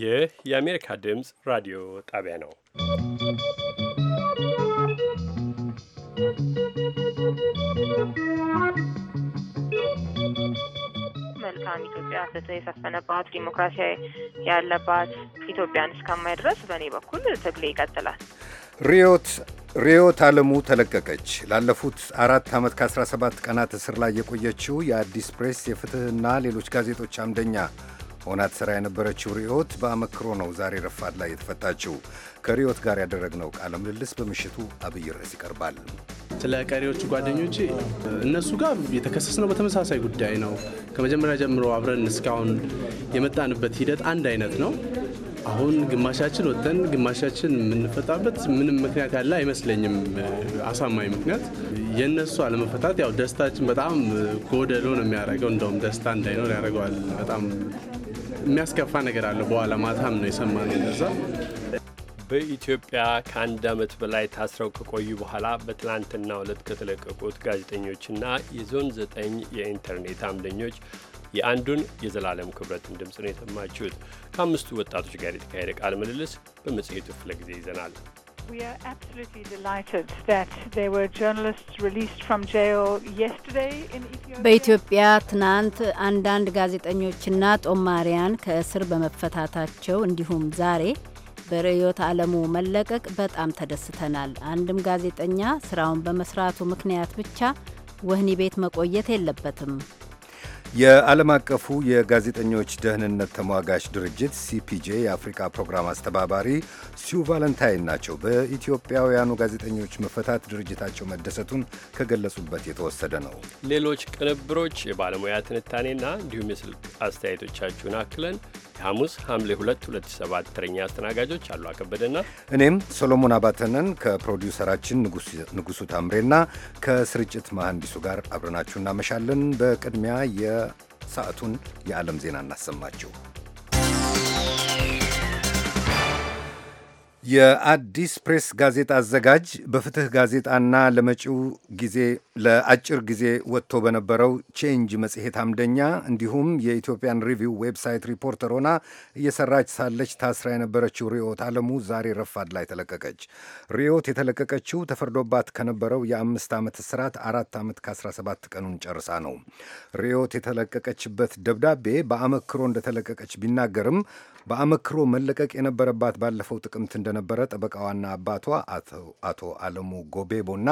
ይህ የአሜሪካ ድምፅ ራዲዮ ጣቢያ ነው። መልካም ኢትዮጵያ፣ ፍትህ የሰፈነባት ዲሞክራሲያዊ ያለባት ኢትዮጵያን እስከማይ ድረስ በእኔ በኩል ትግሌ ይቀጥላል። ሪዮት ሪዮት አለሙ ተለቀቀች። ላለፉት አራት ዓመት ከ17 ቀናት እስር ላይ የቆየችው የአዲስ ፕሬስ የፍትሕና ሌሎች ጋዜጦች አምደኛ ሆና ትሰራ የነበረችው ሪዮት በአመክሮ ነው ዛሬ ረፋድ ላይ የተፈታችው። ከሪዮት ጋር ያደረግነው ቃለ ምልልስ በምሽቱ አብይ ርዕስ ይቀርባል። ስለ ቀሪዎቹ ጓደኞች እነሱ ጋር የተከሰስነው በተመሳሳይ ጉዳይ ነው። ከመጀመሪያ ጀምሮ አብረን እስካሁን የመጣንበት ሂደት አንድ አይነት ነው። አሁን ግማሻችን ወጥተን ግማሻችን የምንፈታበት ምንም ምክንያት ያለ አይመስለኝም። አሳማኝ ምክንያት የእነሱ አለመፈታት ያው ደስታችን በጣም ጎደሎ ነው የሚያደርገው። እንደውም ደስታ እንዳይኖር ያደርገዋል። በጣም የሚያስከፋ ነገር አለው። በኋላ ማታም ነው የሰማን እንደዛ በኢትዮጵያ ከአንድ ዓመት በላይ ታስረው ከቆዩ በኋላ በትላንትና ዕለት ከተለቀቁት ጋዜጠኞችና የዞን ዘጠኝ የኢንተርኔት አምደኞች የአንዱን የዘላለም ክብረትን ድምፅ ነው የተማችሁት። ከአምስቱ ወጣቶች ጋር የተካሄደ ቃለ ምልልስ በመጽሔቱ ክፍለ ጊዜ ይዘናል። በኢትዮጵያ ትናንት አንዳንድ ጋዜጠኞችና ጦማሪያን ከእስር በመፈታታቸው እንዲሁም ዛሬ በርዕዮት ዓለሙ መለቀቅ በጣም ተደስተናል። አንድም ጋዜጠኛ ስራውን በመስራቱ ምክንያት ብቻ ወህኒ ቤት መቆየት የለበትም። የዓለም አቀፉ የጋዜጠኞች ደህንነት ተሟጋች ድርጅት ሲፒጄ የአፍሪካ ፕሮግራም አስተባባሪ ሲዩ ቫለንታይን ናቸው። በኢትዮጵያውያኑ ጋዜጠኞች መፈታት ድርጅታቸው መደሰቱን ከገለጹበት የተወሰደ ነው። ሌሎች ቅንብሮች፣ የባለሙያ ትንታኔና እንዲሁም የስልክ አስተያየቶቻችሁን አክለን የሐሙስ ሐምሌ 2 2007 ተረኛ አስተናጋጆች አሉ አከበደና እኔም ሶሎሞን አባተነን ከፕሮዲውሰራችን ንጉሱ ታምሬና ከስርጭት መሐንዲሱ ጋር አብረናችሁ እናመሻለን። በቅድሚያ የ የሰዓቱን የዓለም ዜና እናሰማችሁ። የአዲስ ፕሬስ ጋዜጣ አዘጋጅ በፍትህ ጋዜጣና ለመጪው ጊዜ ለአጭር ጊዜ ወጥቶ በነበረው ቼንጅ መጽሔት አምደኛ እንዲሁም የኢትዮጵያን ሪቪው ዌብሳይት ሪፖርተር ሆና እየሰራች ሳለች ታስራ የነበረችው ሪዮት አለሙ ዛሬ ረፋድ ላይ ተለቀቀች። ሪዮት የተለቀቀችው ተፈርዶባት ከነበረው የአምስት ዓመት እስራት አራት ዓመት ከ17 ቀኑን ጨርሳ ነው። ሪዮት የተለቀቀችበት ደብዳቤ በአመክሮ እንደተለቀቀች ቢናገርም በአመክሮ መለቀቅ የነበረባት ባለፈው ጥቅምት እንደ እንደነበረ ጠበቃዋና አባቷ አቶ አለሙ ጎቤቦና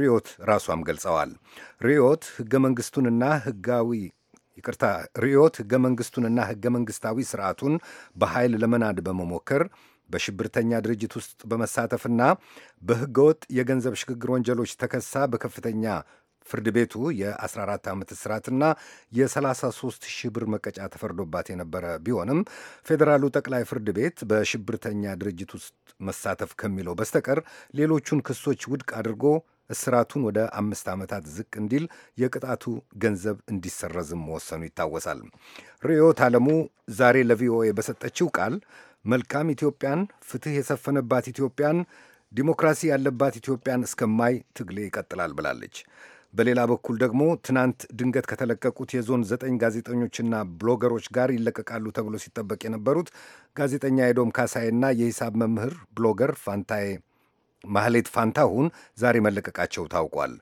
ሪዮት ራሷም ገልጸዋል። ሪዮት ህገ መንግስቱንና ህጋዊ ይቅርታ ሪዮት ህገ መንግስቱንና ህገ መንግስታዊ ስርዓቱን በኃይል ለመናድ በመሞከር በሽብርተኛ ድርጅት ውስጥ በመሳተፍና በህገወጥ የገንዘብ ሽግግር ወንጀሎች ተከሳ በከፍተኛ ፍርድ ቤቱ የ14 ዓመት እስራትና የ33 ሺህ ብር መቀጫ ተፈርዶባት የነበረ ቢሆንም ፌዴራሉ ጠቅላይ ፍርድ ቤት በሽብርተኛ ድርጅት ውስጥ መሳተፍ ከሚለው በስተቀር ሌሎቹን ክሶች ውድቅ አድርጎ እስራቱን ወደ አምስት ዓመታት ዝቅ እንዲል የቅጣቱ ገንዘብ እንዲሰረዝም መወሰኑ ይታወሳል። ርዕዮት ዓለሙ ዛሬ ለቪኦኤ በሰጠችው ቃል መልካም ኢትዮጵያን፣ ፍትህ የሰፈነባት ኢትዮጵያን፣ ዲሞክራሲ ያለባት ኢትዮጵያን እስከማይ ትግሌ ይቀጥላል ብላለች። በሌላ በኩል ደግሞ ትናንት ድንገት ከተለቀቁት የዞን ዘጠኝ ጋዜጠኞችና ብሎገሮች ጋር ይለቀቃሉ ተብሎ ሲጠበቅ የነበሩት ጋዜጠኛ ኤዶም ካሳይና የሂሳብ መምህር ብሎገር ፋንታዬ ማህሌት ፋንታሁን ዛሬ መለቀቃቸው ታውቋል።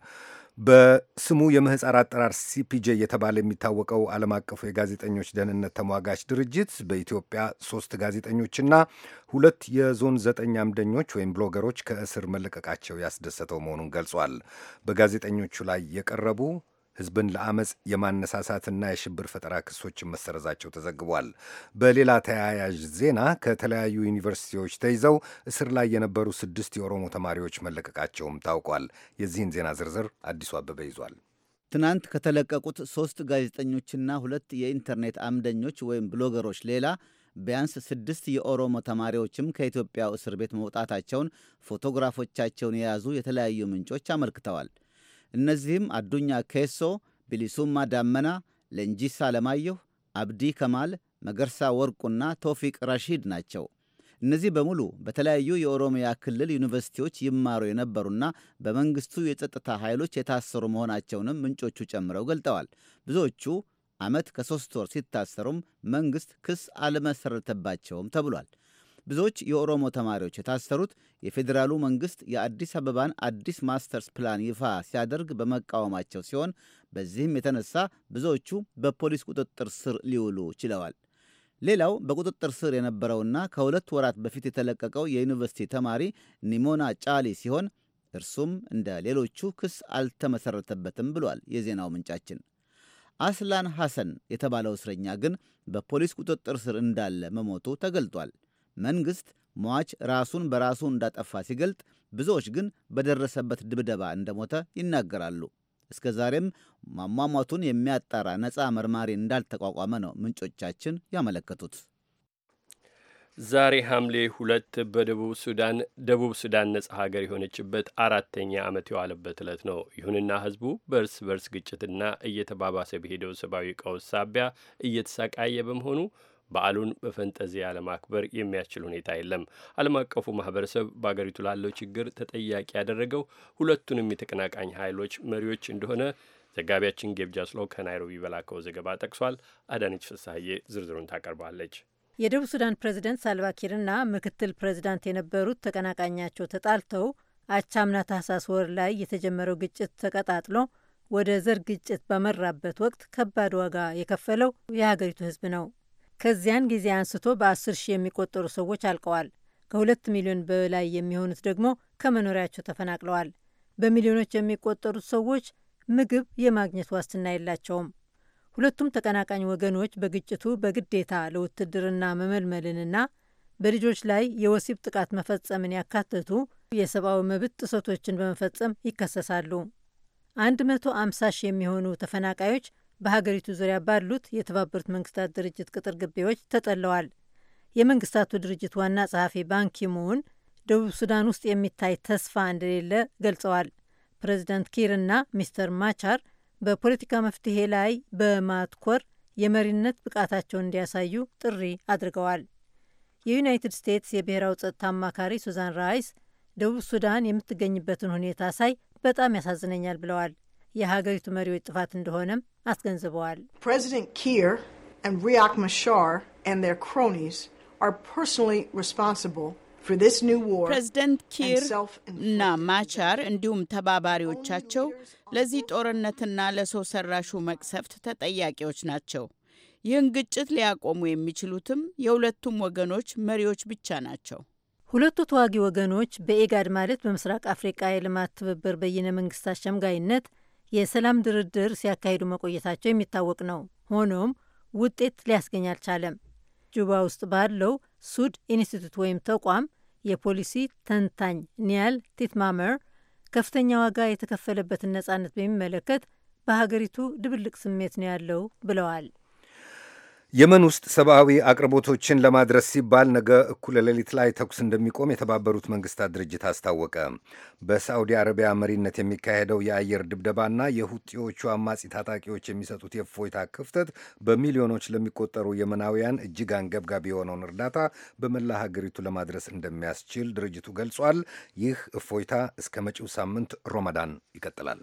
በስሙ የምህፃር አጠራር ሲፒጄ እየተባለ የሚታወቀው ዓለም አቀፉ የጋዜጠኞች ደህንነት ተሟጋች ድርጅት በኢትዮጵያ ሶስት ጋዜጠኞችና ሁለት የዞን ዘጠኝ አምደኞች ወይም ብሎገሮች ከእስር መለቀቃቸው ያስደሰተው መሆኑን ገልጿል። በጋዜጠኞቹ ላይ የቀረቡ ህዝብን ለአመፅ የማነሳሳትና የሽብር ፈጠራ ክሶችን መሰረዛቸው ተዘግቧል። በሌላ ተያያዥ ዜና ከተለያዩ ዩኒቨርሲቲዎች ተይዘው እስር ላይ የነበሩ ስድስት የኦሮሞ ተማሪዎች መለቀቃቸውም ታውቋል። የዚህን ዜና ዝርዝር አዲሱ አበበ ይዟል። ትናንት ከተለቀቁት ሦስት ጋዜጠኞችና ሁለት የኢንተርኔት አምደኞች ወይም ብሎገሮች ሌላ ቢያንስ ስድስት የኦሮሞ ተማሪዎችም ከኢትዮጵያው እስር ቤት መውጣታቸውን ፎቶግራፎቻቸውን የያዙ የተለያዩ ምንጮች አመልክተዋል። እነዚህም አዱኛ ኬሶ፣ ቢሊሱማ ዳመና፣ ለንጂሳ ለማየሁ፣ አብዲ ከማል፣ መገርሳ ወርቁና ቶፊቅ ራሺድ ናቸው። እነዚህ በሙሉ በተለያዩ የኦሮሚያ ክልል ዩኒቨርሲቲዎች ይማሩ የነበሩና በመንግስቱ የጸጥታ ኃይሎች የታሰሩ መሆናቸውንም ምንጮቹ ጨምረው ገልጠዋል። ብዙዎቹ ዓመት ከሦስት ወር ሲታሰሩም መንግሥት ክስ አልመሰረተባቸውም ተብሏል። ብዙዎች የኦሮሞ ተማሪዎች የታሰሩት የፌዴራሉ መንግሥት የአዲስ አበባን አዲስ ማስተርስ ፕላን ይፋ ሲያደርግ በመቃወማቸው ሲሆን በዚህም የተነሳ ብዙዎቹ በፖሊስ ቁጥጥር ስር ሊውሉ ችለዋል። ሌላው በቁጥጥር ስር የነበረውና ከሁለት ወራት በፊት የተለቀቀው የዩኒቨርሲቲ ተማሪ ኒሞና ጫሊ ሲሆን እርሱም እንደ ሌሎቹ ክስ አልተመሰረተበትም ብሏል የዜናው ምንጫችን። አስላን ሐሰን የተባለው እስረኛ ግን በፖሊስ ቁጥጥር ስር እንዳለ መሞቱ ተገልጧል። መንግሥት ሟች ራሱን በራሱ እንዳጠፋ ሲገልጥ፣ ብዙዎች ግን በደረሰበት ድብደባ እንደሞተ ይናገራሉ። እስከ ዛሬም ማሟሟቱን የሚያጣራ ነፃ መርማሪ እንዳልተቋቋመ ነው ምንጮቻችን ያመለከቱት። ዛሬ ሐምሌ ሁለት በደቡብ ሱዳን ደቡብ ሱዳን ነጻ ሀገር የሆነችበት አራተኛ ዓመት የዋለበት ዕለት ነው። ይሁንና ሕዝቡ በእርስ በርስ ግጭትና እየተባባሰ በሄደው ሰብአዊ ቀውስ ሳቢያ እየተሰቃየ በመሆኑ በዓሉን በፈንጠዚያ ለማክበር የሚያስችል ሁኔታ የለም። ዓለም አቀፉ ማህበረሰብ በአገሪቱ ላለው ችግር ተጠያቂ ያደረገው ሁለቱንም የተቀናቃኝ ኃይሎች መሪዎች እንደሆነ ዘጋቢያችን ጌብጃ ስሎ ከናይሮቢ በላከው ዘገባ ጠቅሷል። አዳነች ፍሳሐዬ ዝርዝሩን ታቀርባለች። የደቡብ ሱዳን ፕሬዚደንት ሳልቫኪርና ምክትል ፕሬዚዳንት የነበሩት ተቀናቃኛቸው ተጣልተው አቻምና ታህሳስ ወር ላይ የተጀመረው ግጭት ተቀጣጥሎ ወደ ዘር ግጭት በመራበት ወቅት ከባድ ዋጋ የከፈለው የሀገሪቱ ህዝብ ነው። ከዚያን ጊዜ አንስቶ በአስር ሺህ የሚቆጠሩ ሰዎች አልቀዋል። ከሁለት ሚሊዮን በላይ የሚሆኑት ደግሞ ከመኖሪያቸው ተፈናቅለዋል። በሚሊዮኖች የሚቆጠሩት ሰዎች ምግብ የማግኘት ዋስትና የላቸውም። ሁለቱም ተቀናቃኝ ወገኖች በግጭቱ በግዴታ ለውትድርና መመልመልንና በልጆች ላይ የወሲብ ጥቃት መፈጸምን ያካተቱ የሰብአዊ መብት ጥሰቶችን በመፈጸም ይከሰሳሉ። 150 ሺህ የሚሆኑ ተፈናቃዮች በሀገሪቱ ዙሪያ ባሉት የተባበሩት መንግስታት ድርጅት ቅጥር ግቢዎች ተጠለዋል። የመንግስታቱ ድርጅት ዋና ጸሐፊ ባንኪሙን ደቡብ ሱዳን ውስጥ የሚታይ ተስፋ እንደሌለ ገልጸዋል። ፕሬዚዳንት ኪርና ሚስተር ማቻር በፖለቲካ መፍትሄ ላይ በማትኮር የመሪነት ብቃታቸውን እንዲያሳዩ ጥሪ አድርገዋል። የዩናይትድ ስቴትስ የብሔራዊ ጸጥታ አማካሪ ሱዛን ራይስ ደቡብ ሱዳን የምትገኝበትን ሁኔታ ሳይ በጣም ያሳዝነኛል ብለዋል። የሀገሪቱ መሪዎች ጥፋት እንደሆነም አስገንዝበዋል። ፕሬዚደንት ኪር and Riek Machar and their cronies are personally responsible for this new war. ፕሬዚደንት ኪር እና ማቻር እንዲሁም ተባባሪዎቻቸው ለዚህ ጦርነትና ለሰው ሰራሹ መቅሰፍት ተጠያቂዎች ናቸው። ይህን ግጭት ሊያቆሙ የሚችሉትም የሁለቱም ወገኖች መሪዎች ብቻ ናቸው። ሁለቱ ተዋጊ ወገኖች በኤጋድ ማለት በምስራቅ አፍሪቃ የልማት ትብብር በይነ መንግስታት ሸምጋይነት የሰላም ድርድር ሲያካሂዱ መቆየታቸው የሚታወቅ ነው። ሆኖም ውጤት ሊያስገኝ አልቻለም። ጁባ ውስጥ ባለው ሱድ ኢንስቲቱት ወይም ተቋም የፖሊሲ ተንታኝ ኒያል ቲትማመር ከፍተኛ ዋጋ የተከፈለበትን ነጻነት በሚመለከት በሀገሪቱ ድብልቅ ስሜት ነው ያለው ብለዋል። የመን ውስጥ ሰብአዊ አቅርቦቶችን ለማድረስ ሲባል ነገ እኩለ ሌሊት ላይ ተኩስ እንደሚቆም የተባበሩት መንግስታት ድርጅት አስታወቀ። በሳዑዲ አረቢያ መሪነት የሚካሄደው የአየር ድብደባና የሁጤዎቹ አማጺ ታጣቂዎች የሚሰጡት የእፎይታ ክፍተት በሚሊዮኖች ለሚቆጠሩ የመናውያን እጅግ አንገብጋቢ የሆነውን እርዳታ በመላ ሀገሪቱ ለማድረስ እንደሚያስችል ድርጅቱ ገልጿል። ይህ እፎይታ እስከ መጪው ሳምንት ሮመዳን ይቀጥላል።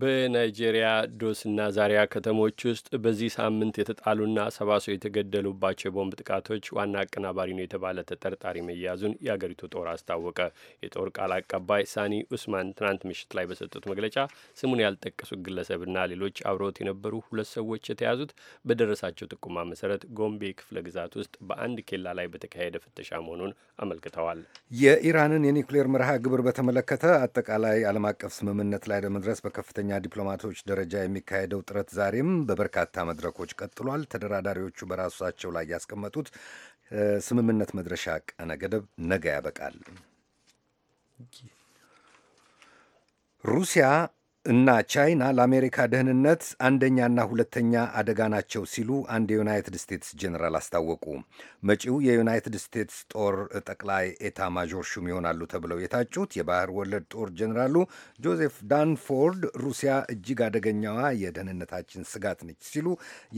በናይጄሪያ ዶስና ዛሪያ ከተሞች ውስጥ በዚህ ሳምንት የተጣሉና ሰባ ሰው የተገደሉባቸው የቦምብ ጥቃቶች ዋና አቀናባሪ ነው የተባለ ተጠርጣሪ መያዙን የአገሪቱ ጦር አስታወቀ። የጦር ቃል አቀባይ ሳኒ ኡስማን ትናንት ምሽት ላይ በሰጡት መግለጫ ስሙን ያልጠቀሱት ግለሰብና ሌሎች አብረውት የነበሩ ሁለት ሰዎች የተያዙት በደረሳቸው ጥቁማ መሰረት ጎምቤ ክፍለ ግዛት ውስጥ በአንድ ኬላ ላይ በተካሄደ ፍተሻ መሆኑን አመልክተዋል። የኢራንን የኒውክሌር መርሃ ግብር በተመለከተ አጠቃላይ ዓለም አቀፍ ስምምነት ላይ ለመድረስ በከፍተ በከፍተኛ ዲፕሎማቶች ደረጃ የሚካሄደው ጥረት ዛሬም በበርካታ መድረኮች ቀጥሏል። ተደራዳሪዎቹ በራሳቸው ላይ ያስቀመጡት ስምምነት መድረሻ ቀነ ገደብ ነገ ያበቃል። ሩሲያ እና ቻይና ለአሜሪካ ደህንነት አንደኛና ሁለተኛ አደጋ ናቸው ሲሉ አንድ የዩናይትድ ስቴትስ ጀኔራል አስታወቁ። መጪው የዩናይትድ ስቴትስ ጦር ጠቅላይ ኤታ ማዦር ሹም ይሆናሉ ተብለው የታጩት የባህር ወለድ ጦር ጀኔራሉ ጆዜፍ ዳንፎርድ ሩሲያ እጅግ አደገኛዋ የደህንነታችን ስጋት ነች ሲሉ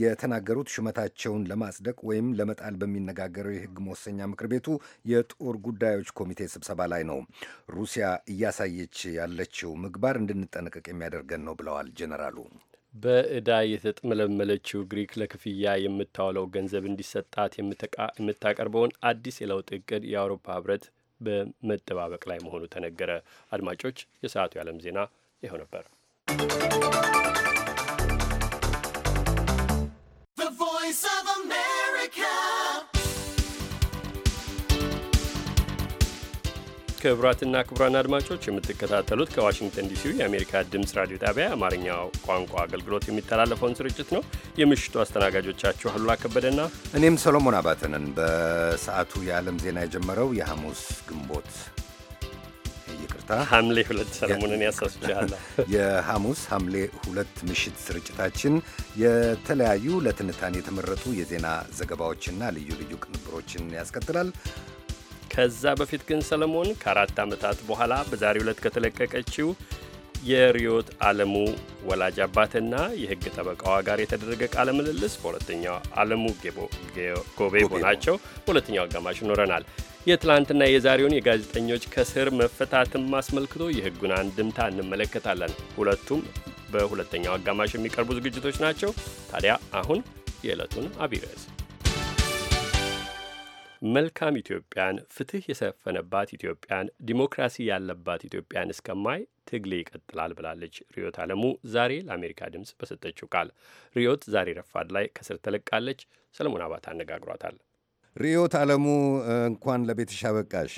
የተናገሩት ሹመታቸውን ለማጽደቅ ወይም ለመጣል በሚነጋገረው የህግ መወሰኛ ምክር ቤቱ የጦር ጉዳዮች ኮሚቴ ስብሰባ ላይ ነው። ሩሲያ እያሳየች ያለችው ምግባር እንድንጠነቀቅ የሚያደርገን ነው ብለዋል ጀነራሉ በእዳ የተጥመለመለችው ግሪክ ለክፍያ የምታውለው ገንዘብ እንዲሰጣት የምታቀርበውን አዲስ የለውጥ እቅድ የአውሮፓ ህብረት በመጠባበቅ ላይ መሆኑ ተነገረ። አድማጮች፣ የሰዓቱ የዓለም ዜና ይኸው ነበር። ክቡራትና ክቡራን አድማጮች የምትከታተሉት ከዋሽንግተን ዲሲ የአሜሪካ ድምፅ ራዲዮ ጣቢያ የአማርኛ ቋንቋ አገልግሎት የሚተላለፈውን ስርጭት ነው። የምሽቱ አስተናጋጆቻችሁ አሉላ ከበደና እኔም ሰሎሞን አባተንን። በሰዓቱ የዓለም ዜና የጀመረው የሐሙስ ግንቦት ይቅርታ፣ ሐምሌ ሁለት ሰለሞንን ያሳስችኋለሁ። የሐሙስ ሐምሌ ሁለት ምሽት ስርጭታችን የተለያዩ ለትንታኔ የተመረጡ የዜና ዘገባዎችና ልዩ ልዩ ቅንብሮችን ያስከትላል። ከዛ በፊት ግን ሰለሞን ከአራት ዓመታት በኋላ በዛሬው ዕለት ከተለቀቀችው የሪዮት አለሙ ወላጅ አባትና የሕግ ጠበቃዋ ጋር የተደረገ ቃለ ምልልስ በሁለተኛው ዓለሙ ጎቤቦ ናቸው። በሁለተኛው አጋማሽ ይኖረናል። የትላንትና የዛሬውን የጋዜጠኞች ከስር መፈታትም አስመልክቶ የሕጉን አንድምታ እንመለከታለን። ሁለቱም በሁለተኛው አጋማሽ የሚቀርቡ ዝግጅቶች ናቸው። ታዲያ አሁን የዕለቱን አብይ ርዕስ መልካም ኢትዮጵያን፣ ፍትህ የሰፈነባት ኢትዮጵያን፣ ዲሞክራሲ ያለባት ኢትዮጵያን እስከማይ ትግሌ ይቀጥላል ብላለች ሪዮት አለሙ ዛሬ ለአሜሪካ ድምፅ በሰጠችው ቃል። ሪዮት ዛሬ ረፋድ ላይ ከስር ተለቃለች። ሰለሞን አባት አነጋግሯታል። ሪዮት አለሙ እንኳን ለቤትሽ አበቃሽ።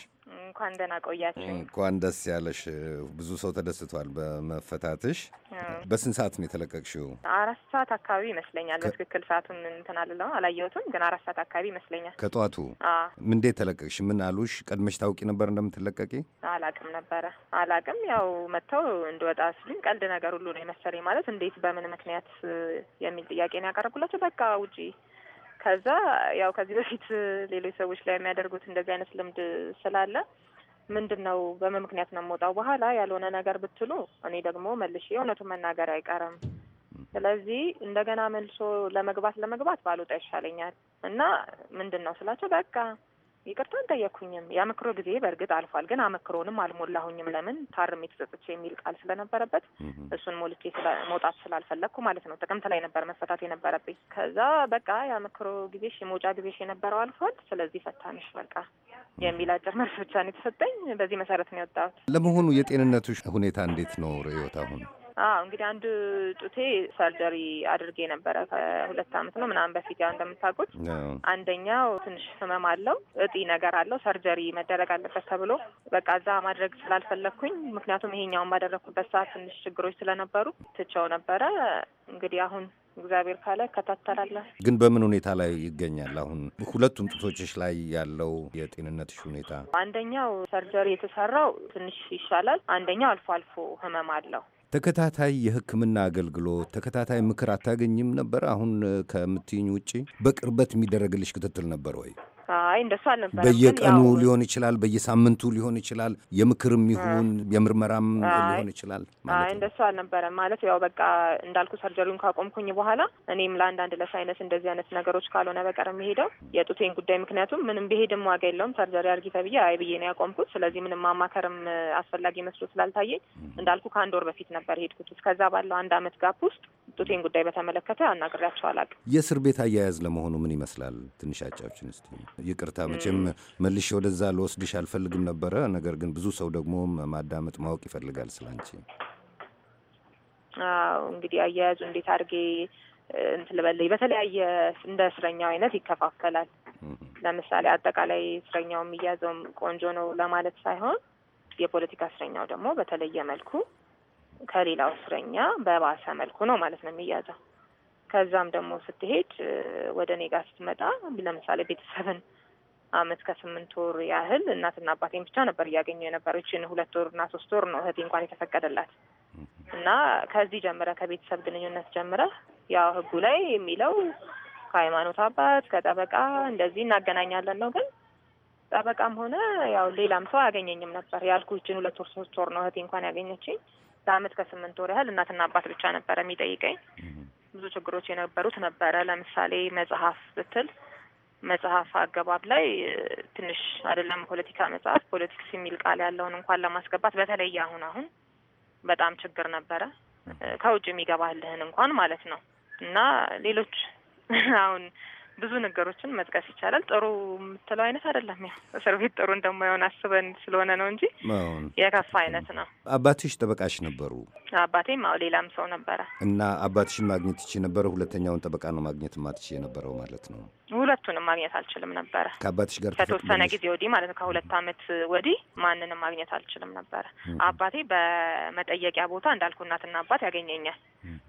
እንኳን ደህና ቆያችሁ። እንኳን ደስ ያለሽ። ብዙ ሰው ተደስቷል በመፈታትሽ። በስንት ሰዓት ነው የተለቀቅሽው? አራት ሰዓት አካባቢ ይመስለኛል። በትክክል ሰዓቱን እንትን አልለው አላየሁትም፣ ግን አራት ሰዓት አካባቢ ይመስለኛል ከጠዋቱ። እንዴት ተለቀቅሽ? ምን አሉሽ? ቀድመሽ ታውቂ ነበር እንደምትለቀቂ? አላቅም ነበረ አላቅም። ያው መጥተው እንድወጣ ስሉኝ ቀልድ ነገር ሁሉ ነው የመሰለኝ። ማለት እንዴት በምን ምክንያት የሚል ጥያቄ ነው ያቀረብኩላቸው። በቃ ውጪ ከዛ ያው ከዚህ በፊት ሌሎች ሰዎች ላይ የሚያደርጉት እንደዚህ አይነት ልምድ ስላለ ምንድን ነው በምን ምክንያት ነው የምወጣው በኋላ ያልሆነ ነገር ብትሉ እኔ ደግሞ መልሼ እውነቱ መናገር አይቀርም። ስለዚህ እንደገና መልሶ ለመግባት ለመግባት ባልወጣ ይሻለኛል እና ምንድን ነው ስላቸው በቃ ይቅርታ እንጠየኩኝም የአመክሮ ጊዜ በእርግጥ አልፏል፣ ግን አመክሮንም አልሞላሁኝም። ለምን ታርሜ ተጸጽቼ የሚል ቃል ስለነበረበት እሱን ሞልቼ መውጣት ስላልፈለግኩ ማለት ነው። ጥቅምት ላይ ነበር መፈታት የነበረብኝ። ከዛ በቃ የአመክሮ ጊዜሽ የመውጫ ጊዜሽ የነበረው አልፏል፣ ስለዚህ ፈታንሽ በቃ የሚል አጭር መልስ ብቻ ነው የተሰጠኝ። በዚህ መሰረት ነው የወጣሁት። ለመሆኑ የጤንነቱ ሁኔታ እንዴት ነው ርዕዮት አሁን? እንግዲህ አንድ ጡቴ ሰርጀሪ አድርጌ ነበረ ከሁለት አመት ነው ምናምን በፊት ያው እንደምታውቁት፣ አንደኛው ትንሽ ህመም አለው እጢ ነገር አለው ሰርጀሪ መደረግ አለበት ተብሎ በቃ እዛ ማድረግ ስላልፈለግኩኝ፣ ምክንያቱም ይሄኛውን ባደረግኩበት ሰዓት ትንሽ ችግሮች ስለነበሩ ትቸው ነበረ። እንግዲህ አሁን እግዚአብሔር ካለ እከታተላለሁ። ግን በምን ሁኔታ ላይ ይገኛል አሁን ሁለቱም ጡቶችሽ ላይ ያለው የጤንነትሽ ሁኔታ? አንደኛው ሰርጀሪ የተሰራው ትንሽ ይሻላል፣ አንደኛው አልፎ አልፎ ህመም አለው ተከታታይ የሕክምና አገልግሎት፣ ተከታታይ ምክር አታገኝም ነበር? አሁን ከምትኝ ውጪ በቅርበት የሚደረግልሽ ክትትል ነበር ወይ? አይ እንደሱ በየቀኑ ሊሆን ይችላል፣ በየሳምንቱ ሊሆን ይችላል፣ የምክርም ይሁን የምርመራም ሊሆን ይችላል። አይ እንደሱ አልነበረም። ማለት ያው በቃ እንዳልኩ ሰርጀሪውን ካቆምኩኝ በኋላ እኔም ለአንዳንድ ለሳይነስ እንደዚህ አይነት ነገሮች ካልሆነ በቀር የሚሄደው የጡቴን ጉዳይ ምክንያቱም ምንም ብሄድም ዋጋ የለውም ሰርጀሪ አርጊ ተብዬ አይ ብዬ ነው ያቆምኩት። ስለዚህ ምንም ማማከርም አስፈላጊ መስሎ ስላልታየኝ እንዳልኩ ከአንድ ወር በፊት ነበር ሄድኩት። ከዛ ባለው አንድ አመት ጋፕ ውስጥ ጡቴን ጉዳይ በተመለከተ አናግሬያቸው አላውቅም። የእስር ቤት አያያዝ ለመሆኑ ምን ይመስላል? ትንሽ አጫዎችን ስ ይቅርታ መቼም መልሼ ወደዛ ልወስድሽ አልፈልግም ነበረ። ነገር ግን ብዙ ሰው ደግሞ ማዳመጥ ማወቅ ይፈልጋል ስላንቺ። አዎ እንግዲህ አያያዙ እንዴት አድርጌ እንትን ልበልኝ፣ በተለያየ እንደ እስረኛው አይነት ይከፋፈላል። ለምሳሌ አጠቃላይ እስረኛው የሚያዘውም ቆንጆ ነው ለማለት ሳይሆን የፖለቲካ እስረኛው ደግሞ በተለየ መልኩ ከሌላው እስረኛ በባሰ መልኩ ነው ማለት ነው የሚያዘው። ከዛም ደግሞ ስትሄድ ወደ እኔ ጋር ስትመጣ ለምሳሌ ቤተሰብን አመት ከስምንት ወር ያህል እናትና አባቴን ብቻ ነበር እያገኘ የነበረ ይችን ሁለት ወር እና ሶስት ወር ነው እህቴ እንኳን የተፈቀደላት እና ከዚህ ጀምረ ከቤተሰብ ግንኙነት ጀምረ ያው ህጉ ላይ የሚለው ከሃይማኖት አባት ከጠበቃ እንደዚህ እናገናኛለን ነው። ግን ጠበቃም ሆነ ያው ሌላም ሰው አያገኘኝም ነበር ያልኩ። ይችን ሁለት ወር ሶስት ወር ነው እህቴ እንኳን ያገኘችኝ። ለአመት ከስምንት ወር ያህል እናትና አባት ብቻ ነበረ የሚጠይቀኝ። ብዙ ችግሮች የነበሩት ነበረ። ለምሳሌ መጽሐፍ ብትል መጽሐፍ አገባብ ላይ ትንሽ አይደለም ፖለቲካ መጽሐፍ ፖለቲክስ የሚል ቃል ያለውን እንኳን ለማስገባት በተለይ አሁን አሁን በጣም ችግር ነበረ። ከውጭ የሚገባልህን እንኳን ማለት ነው እና ሌሎች አሁን ብዙ ነገሮችን መጥቀስ ይቻላል። ጥሩ የምትለው አይነት አይደለም። ያ እስር ቤት ጥሩ እንደማይሆን አስበን ስለሆነ ነው እንጂ የከፋ አይነት ነው። አባትሽ ጠበቃሽ ነበሩ? አባቴም አው ሌላም ሰው ነበረ እና አባትሽን ማግኘት ትቼ ነበረ። ሁለተኛውን ጠበቃ ነው ማግኘት ማትች የነበረው ማለት ነው። ሁለቱንም ማግኘት አልችልም ነበረ። ከአባትሽ ጋር ከተወሰነ ጊዜ ወዲህ ማለት ነው፣ ከሁለት አመት ወዲህ ማንንም ማግኘት አልችልም ነበረ። አባቴ በመጠየቂያ ቦታ እንዳልኩ እናትና አባት ያገኘኛል።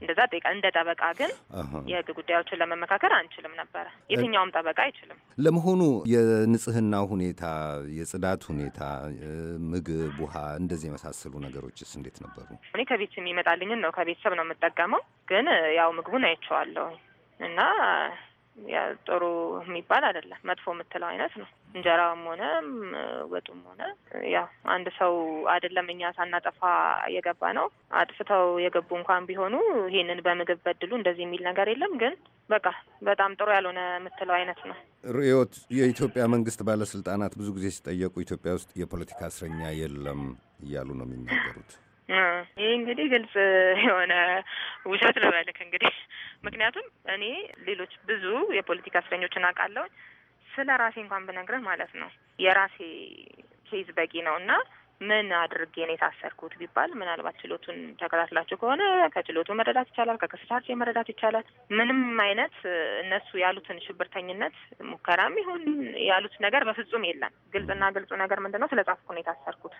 እንደዛ እንደ ጠበቃ ግን የህግ ጉዳዮችን ለመመካከር አንችልም ነበረ። የትኛውም ጠበቃ አይችልም። ለመሆኑ የንጽህና ሁኔታ፣ የጽዳት ሁኔታ፣ ምግብ፣ ውሃ እንደዚህ የመሳሰሉ ነገሮችስ እንዴት ነበሩ? እኔ ከቤት የሚመጣልኝን ነው ከቤተሰብ ነው የምጠቀመው። ግን ያው ምግቡን አይቼዋለሁ እና ጥሩ የሚባል አይደለም። መጥፎ የምትለው አይነት ነው። እንጀራም ሆነ ወጡም ሆነ ያው አንድ ሰው አይደለም እኛ ሳናጠፋ የገባ ነው። አጥፍተው የገቡ እንኳን ቢሆኑ ይህንን በምግብ በድሉ እንደዚህ የሚል ነገር የለም። ግን በቃ በጣም ጥሩ ያልሆነ የምትለው አይነት ነው። ርዕዮት፣ የኢትዮጵያ መንግስት ባለስልጣናት ብዙ ጊዜ ሲጠየቁ ኢትዮጵያ ውስጥ የፖለቲካ እስረኛ የለም እያሉ ነው የሚናገሩት ይህ እንግዲህ ግልጽ የሆነ ውሸት ነው እንግዲህ ምክንያቱም እኔ ሌሎች ብዙ የፖለቲካ እስረኞችን አውቃለሁ። ስለ ራሴ እንኳን ብነግርህ ማለት ነው የራሴ ኬዝ በቂ ነው እና ምን አድርጌ ነው የታሰርኩት ቢባል ምናልባት ችሎቱን ተከታትላችሁ ከሆነ ከችሎቱ መረዳት ይቻላል፣ ከክስ ቻርጄ መረዳት ይቻላል። ምንም አይነት እነሱ ያሉትን ሽብርተኝነት ሙከራም ይሁን ያሉት ነገር በፍጹም የለም። ግልጽና ግልጹ ነገር ምንድን ነው? ስለ ጻፍኩ ነው የታሰርኩት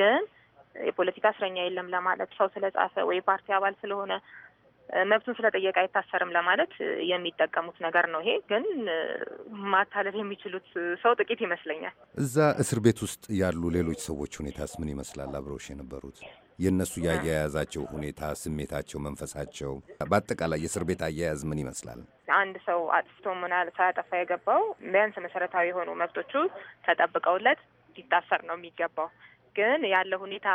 ግን የፖለቲካ እስረኛ የለም ለማለት ሰው ስለጻፈ ወይ ፓርቲ አባል ስለሆነ መብቱን ስለጠየቀ አይታሰርም ለማለት የሚጠቀሙት ነገር ነው። ይሄ ግን ማታለል የሚችሉት ሰው ጥቂት ይመስለኛል። እዛ እስር ቤት ውስጥ ያሉ ሌሎች ሰዎች ሁኔታስ ምን ይመስላል? አብረውሽ የነበሩት የእነሱ የአያያዛቸው ሁኔታ፣ ስሜታቸው፣ መንፈሳቸው፣ በአጠቃላይ የእስር ቤት አያያዝ ምን ይመስላል? አንድ ሰው አጥፍቶ ምናል ሳያጠፋ የገባው ቢያንስ መሰረታዊ የሆኑ መብቶቹ ተጠብቀውለት ሊታሰር ነው የሚገባው። ግን ያለ ሁኔታ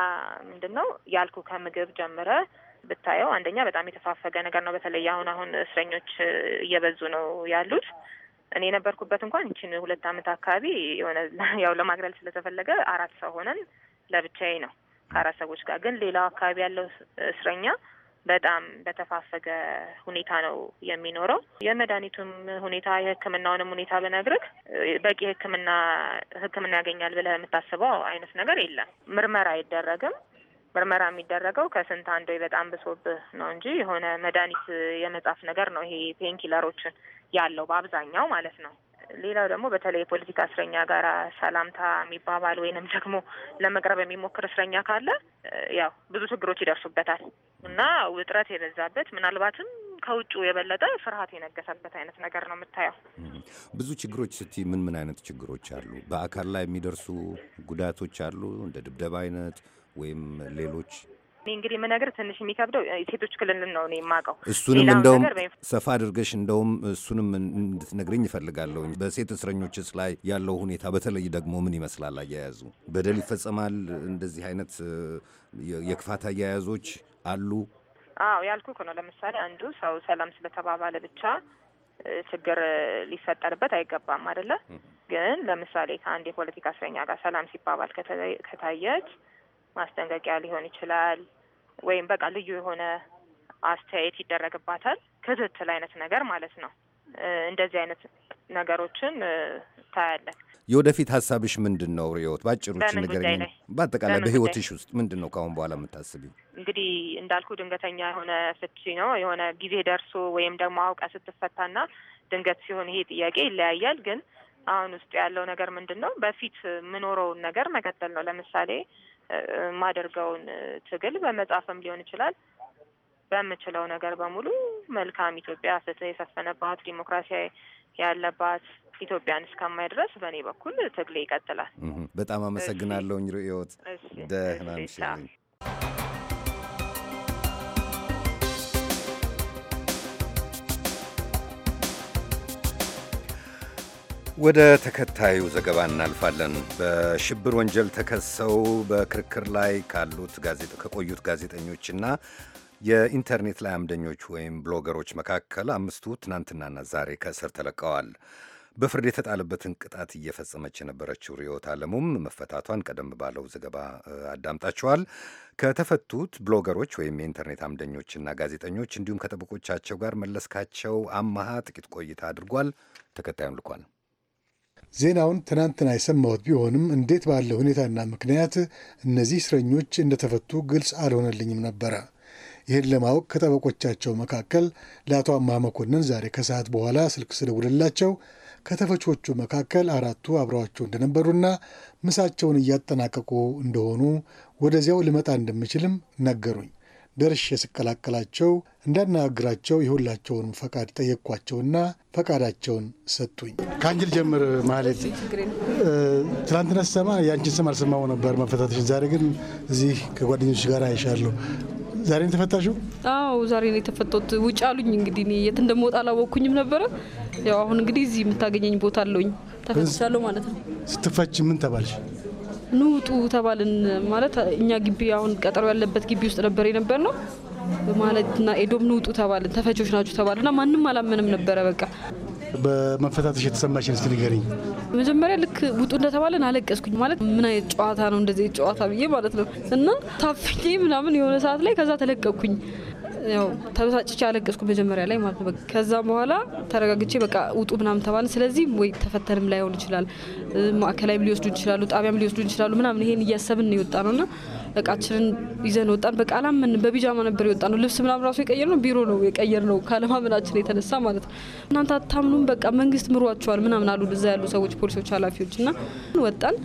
ምንድን ነው ያልኩ ከምግብ ጀምረ ብታየው አንደኛ በጣም የተፋፈገ ነገር ነው። በተለይ አሁን አሁን እስረኞች እየበዙ ነው ያሉት። እኔ የነበርኩበት እንኳን ይችን ሁለት ዓመት አካባቢ የሆነ ያው ለማግለል ስለተፈለገ አራት ሰው ሆነን ለብቻዬ ነው ከአራት ሰዎች ጋር። ግን ሌላው አካባቢ ያለው እስረኛ በጣም በተፋፈገ ሁኔታ ነው የሚኖረው። የመድኃኒቱም ሁኔታ የሕክምናውንም ሁኔታ ብነግርህ በቂ ሕክምና ሕክምና ያገኛል ብለህ የምታስበው አይነት ነገር የለም። ምርመራ አይደረግም። ምርመራ የሚደረገው ከስንት ወይ በጣም ብሶብህ ነው እንጂ የሆነ መድኃኒት የመጻፍ ነገር ነው። ይሄ ፔንኪለሮችን ያለው በአብዛኛው ማለት ነው። ሌላው ደግሞ በተለይ የፖለቲካ እስረኛ ጋር ሰላምታ የሚባባል ወይንም ደግሞ ለመቅረብ የሚሞክር እስረኛ ካለ ያው ብዙ ችግሮች ይደርሱበታል እና ውጥረት የበዛበት ምናልባትም ከውጭ የበለጠ ፍርሃት የነገሰበት አይነት ነገር ነው የምታየው። ብዙ ችግሮች ስቲ ምን ምን አይነት ችግሮች አሉ? በአካል ላይ የሚደርሱ ጉዳቶች አሉ እንደ ድብደባ አይነት ወይም ሌሎች እኔ እንግዲህ የምነግር ትንሽ የሚከብደው ሴቶች ክልል ነው እኔ የማውቀው። እሱንም እንደውም ሰፋ አድርገሽ እንደውም እሱንም እንድትነግርኝ ይፈልጋለሁ። በሴት እስረኞችስ ላይ ያለው ሁኔታ በተለይ ደግሞ ምን ይመስላል? አያያዙ በደል ይፈጸማል? እንደዚህ አይነት የክፋት አያያዞች አሉ? አዎ ያልኩህ ነው። ለምሳሌ አንዱ ሰው ሰላም ስለተባባለ ብቻ ችግር ሊፈጠርበት አይገባም አይደለ? ግን ለምሳሌ ከአንድ የፖለቲካ እስረኛ ጋር ሰላም ሲባባል ከታየች ማስጠንቀቂያ ሊሆን ይችላል ወይም በቃ ልዩ የሆነ አስተያየት ይደረግባታል። ክትትል አይነት ነገር ማለት ነው። እንደዚህ አይነት ነገሮችን ታያለን። የወደፊት ሀሳብሽ ምንድን ነው ሪዮት? በአጭሩ ነገር በአጠቃላይ በህይወትሽ ውስጥ ምንድን ነው ከአሁን በኋላ የምታስብ እንግዲህ እንዳልኩ ድንገተኛ የሆነ ፍቺ ነው የሆነ ጊዜ ደርሶ ወይም ደግሞ አውቀ ስትፈታና ድንገት ሲሆን ይሄ ጥያቄ ይለያያል። ግን አሁን ውስጥ ያለው ነገር ምንድን ነው? በፊት የምኖረውን ነገር መቀጠል ነው። ለምሳሌ የማደርገውን ትግል በመጻፍም ሊሆን ይችላል በምችለው ነገር በሙሉ መልካም ኢትዮጵያ፣ ፍትህ የሰፈነባት፣ ዲሞክራሲ ያለባት ኢትዮጵያን እስከማይ ድረስ በእኔ በኩል ትግሌ ይቀጥላል። በጣም አመሰግናለሁኝ ርዕዮት። ደህና ወደ ተከታዩ ዘገባ እናልፋለን። በሽብር ወንጀል ተከሰው በክርክር ላይ ካሉት ከቆዩት ጋዜጠኞችና የኢንተርኔት ላይ አምደኞች ወይም ብሎገሮች መካከል አምስቱ ትናንትናና ዛሬ ከእስር ተለቀዋል። በፍርድ የተጣለበትን ቅጣት እየፈጸመች የነበረችው ርዕዮት ዓለሙም መፈታቷን ቀደም ባለው ዘገባ አዳምጣችኋል። ከተፈቱት ብሎገሮች ወይም የኢንተርኔት አምደኞችና ጋዜጠኞች እንዲሁም ከጠበቆቻቸው ጋር መለስካቸው አማሃ ጥቂት ቆይታ አድርጓል። ተከታዩን ልኳል። ዜናውን ትናንትና የሰማሁት ቢሆንም እንዴት ባለ ሁኔታና ምክንያት እነዚህ እስረኞች እንደተፈቱ ግልጽ አልሆነልኝም ነበረ። ይህን ለማወቅ ከጠበቆቻቸው መካከል ለአቶ አማ መኮንን ዛሬ ከሰዓት በኋላ ስልክ ስደውልላቸው ከተፈቾቹ መካከል አራቱ አብረዋቸው እንደነበሩና ምሳቸውን እያጠናቀቁ እንደሆኑ ወደዚያው ልመጣ እንደምችልም ነገሩኝ። ደርሼ ስቀላቀላቸው እንዳነጋግራቸው የሁላቸውን ፈቃድ ጠየቅኳቸውና ፈቃዳቸውን ሰጡኝ። ከአንቺ ልጀምር ማለት ትናንትና ስሰማ የአንቺን ስም አልሰማው ነበር መፈታትሽ። ዛሬ ግን እዚህ ከጓደኞች ጋር አይሻለሁ። ዛሬ ነው የተፈታሽው? አዎ ዛሬ ነው የተፈታሁት። ውጭ አሉኝ። እንግዲህ እኔ የት እንደምወጣ አላወቅኩኝም ነበረ። ያው አሁን እንግዲህ እዚህ የምታገኘኝ ቦታ አለውኝ። ተፈትሻለሁ ማለት ነው። ስትፈች ምን ተባልሽ? ንውጡ ተባልን። ማለት እኛ ግቢ አሁን ቀጠሮ ያለበት ግቢ ውስጥ ነበር የነበር ነው ና ኤዶም ንውጡ ተባልን። ተፈቾች ናችሁ ተባልና ማንም አላመንም ነበረ። በቃ በመፈታተሽ የተሰማሽን እስኪ ንገሪኝ። መጀመሪያ ልክ ውጡ እንደተባለን አለቀስኩኝ። ማለት ምን አይነት ጨዋታ ነው እንደዚህ ጨዋታ ብዬ ማለት ነው እና ታፍኝ ምናምን የሆነ ሰዓት ላይ ከዛ ተለቀቅኩኝ። ያው ተበሳጭቼ አለቀስኩ መጀመሪያ ላይ ማለት ነው። ከዛ በኋላ ተረጋግቼ በቃ ውጡ ምናምን ተባለ። ስለዚህ ወይ ተፈተንም ላይሆን ይችላል፣ ማዕከላይም ሊወስዱ ይችላሉ፣ ጣቢያም ሊወስዱ ይችላሉ ምናምን ይሄን እያሰብን ነው የወጣ ነውና እቃችንን ይዘን ወጣን። በቃ አላምን በቢጃማ ነበር የወጣ ነው። ልብስ ምናምን ራሱ የቀየር ነው ቢሮ ነው የቀየር ነው ካለማመናችን የተነሳ ማለት ነው። እናንተ አታምኑም፣ በቃ መንግስት ምሯቸዋል ምናምን አሉ እዛ ያሉ ሰዎች ፖሊሶች፣ ኃላፊዎች እና ወጣን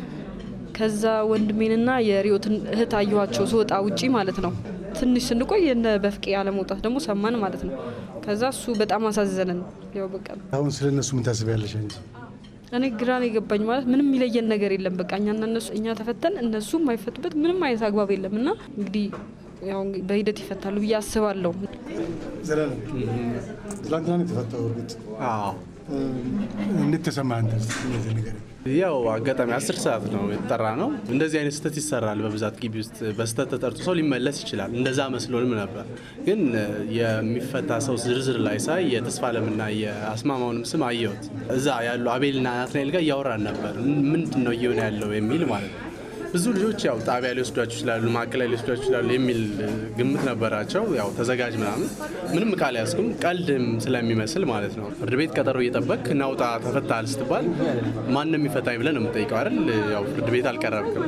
ከዛ ወንድሜንና የሪዮትን እህት አየኋቸው ስወጣ ውጪ ማለት ነው። ትንሽ ስንቆይ የነ በፍቄ ያለመውጣት ደግሞ ሰማን ማለት ነው። ከዛ እሱ በጣም አሳዘነን። ያው በቃ አሁን ስለ እነሱ ምን ታስቢያለሽ? እኔ ግራን የገባኝ ማለት ምንም ይለየን ነገር የለም። በቃ እኛና እነሱ እኛ ተፈተን እነሱ የማይፈቱበት ምንም አይነት አግባብ የለም እና እንግዲህ ያው በሂደት ይፈታሉ ብዬ አስባለሁ። ዘላለም ትላንትና ነው የተፈታው። እርግጥ እንዴት ተሰማ አንተ ነገር ያው አጋጣሚ አስር ሰዓት ነው የተጠራ ነው። እንደዚህ አይነት ስህተት ይሰራል በብዛት ግቢ ውስጥ በስህተት ተጠርቶ ሰው ሊመለስ ይችላል። እንደዛ መስሎንም ነበር፣ ግን የሚፈታ ሰው ዝርዝር ላይ ሳይ የተስፋ አለምና የአስማማውንም ስም አየሁት። እዛ ያሉ አቤልና ናትናኤል ጋር እያወራን ነበር ምንድን ነው እየሆነ ያለው የሚል ማለት ነው ብዙ ልጆች ያው ጣቢያ ሊወስዷቸው ይችላሉ፣ ማዕከላዊ ሊወስዷቸው ይችላሉ የሚል ግምት ነበራቸው። ያው ተዘጋጅ ምናምን ምንም ቃል ያስኩም ቀልድም ስለሚመስል ማለት ነው። ፍርድ ቤት ቀጠሮ እየጠበቅ እናውጣ ተፈታል ስትባል ማንም ይፈታኝ ብለን ነው የምጠይቀው አይደል? ያው ፍርድ ቤት አልቀረብክም።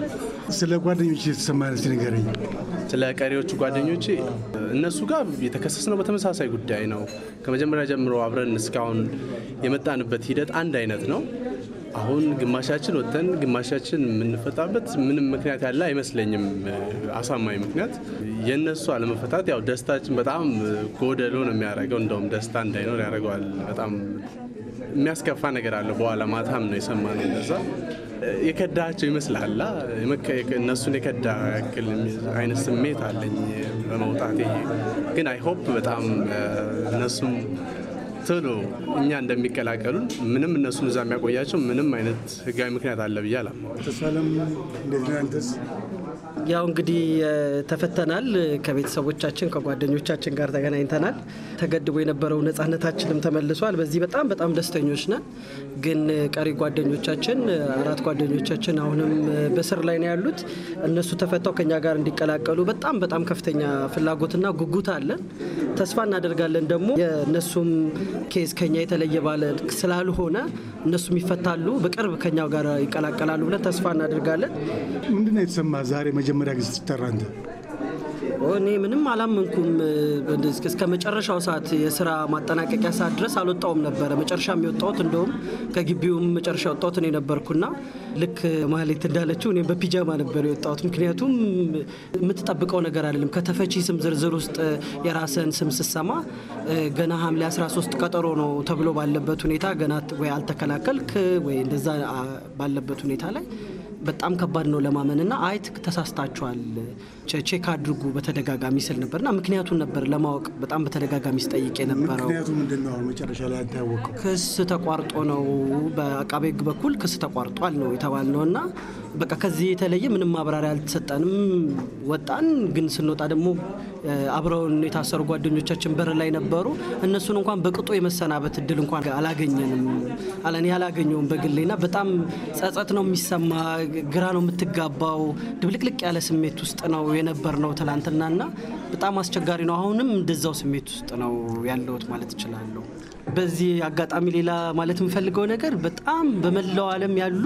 ስለ ጓደኞች የተሰማ ንገረኝ። ስለ ቀሪዎቹ ጓደኞች እነሱ ጋር የተከሰስነው በተመሳሳይ ጉዳይ ነው። ከመጀመሪያ ጀምሮ አብረን እስካሁን የመጣንበት ሂደት አንድ አይነት ነው። አሁን ግማሻችን ወጥተን ግማሻችን የምንፈታበት ምንም ምክንያት ያለ አይመስለኝም፣ አሳማኝ ምክንያት። የእነሱ አለመፈታት ያው ደስታችን በጣም ጎደሎ ነው የሚያደርገው፣ እንደውም ደስታ እንዳይኖር ያደርገዋል። በጣም የሚያስከፋ ነገር አለው። በኋላ ማታም ነው የሰማነው እነዛ የከዳቸው ይመስላላ እነሱን የከዳ ያክል አይነት ስሜት አለኝ በመውጣቴ። ግን አይሆፕ በጣም እነሱም ቶሎ እኛ እንደሚቀላቀሉን ምንም እነሱ እዛ የሚያቆያቸው ምንም አይነት ህጋዊ ምክንያት አለ ብዬ አላም ያው እንግዲህ ተፈተናል። ከቤተሰቦቻችን ከጓደኞቻችን ጋር ተገናኝተናል። ተገድቦ የነበረው ነጻነታችንም ተመልሷል። በዚህ በጣም በጣም ደስተኞች ነን። ግን ቀሪ ጓደኞቻችን አራት ጓደኞቻችን አሁንም በስር ላይ ነው ያሉት። እነሱ ተፈታው ከኛ ጋር እንዲቀላቀሉ በጣም በጣም ከፍተኛ ፍላጎትና ጉጉት አለን። ተስፋ እናደርጋለን ደግሞ የእነሱም ኬዝ ከኛ የተለየ ባለ ስላልሆነ እነሱም ይፈታሉ፣ በቅርብ ከኛው ጋር ይቀላቀላሉ ብለን ተስፋ እናደርጋለን። ምንድነው የተሰማ ዛሬ ለመጀመሪያ ጊዜ ስትጠራ አንተ? እኔ ምንም አላመንኩም። እስከ መጨረሻው ሰዓት የስራ ማጠናቀቂያ ሰዓት ድረስ አልወጣውም ነበረ። መጨረሻ የሚወጣውት እንደውም ከግቢውም መጨረሻ ወጣውት እኔ ነበርኩና ልክ ማህሌት እንዳለችው እኔ በፒጃማ ነበር የወጣሁት። ምክንያቱም የምትጠብቀው ነገር አይደለም። ከተፈቺ ስም ዝርዝር ውስጥ የራስን ስም ስሰማ ገና ሐምሌ 13 ቀጠሮ ነው ተብሎ ባለበት ሁኔታ ገና ወይ አልተከላከልክ ወይ እንደዛ ባለበት ሁኔታ ላይ በጣም ከባድ ነው ለማመን ና አይ ተሳስታችኋል፣ ቼክ አድርጉ በተደጋጋሚ ስል ነበር ና ምክንያቱን ነበር ለማወቅ በጣም በተደጋጋሚ ስጠይቅ የነበረው። ምክንያቱ መጨረሻ ላይ ያልታወቀው ክስ ተቋርጦ ነው። በአቃቤ ህግ በኩል ክስ ተቋርጧል ነው የተባል ነው እና በቃ ከዚህ የተለየ ምንም ማብራሪያ አልተሰጠንም። ወጣን። ግን ስንወጣ ደግሞ አብረውን የታሰሩ ጓደኞቻችን በር ላይ ነበሩ። እነሱን እንኳን በቅጡ የመሰናበት እድል እንኳን አላገኘንም። አለኔ አላገኘውም በግሌና በጣም ጸጸት ነው የሚሰማ። ግራ ነው የምትጋባው። ድብልቅልቅ ያለ ስሜት ውስጥ ነው የነበር ነው ና በጣም አስቸጋሪ ነው። አሁንም እንደዛው ስሜት ውስጥ ነው ያለሁት ማለት እችላለሁ። በዚህ አጋጣሚ ሌላ ማለት የምፈልገው ነገር በጣም በመላው ዓለም ያሉ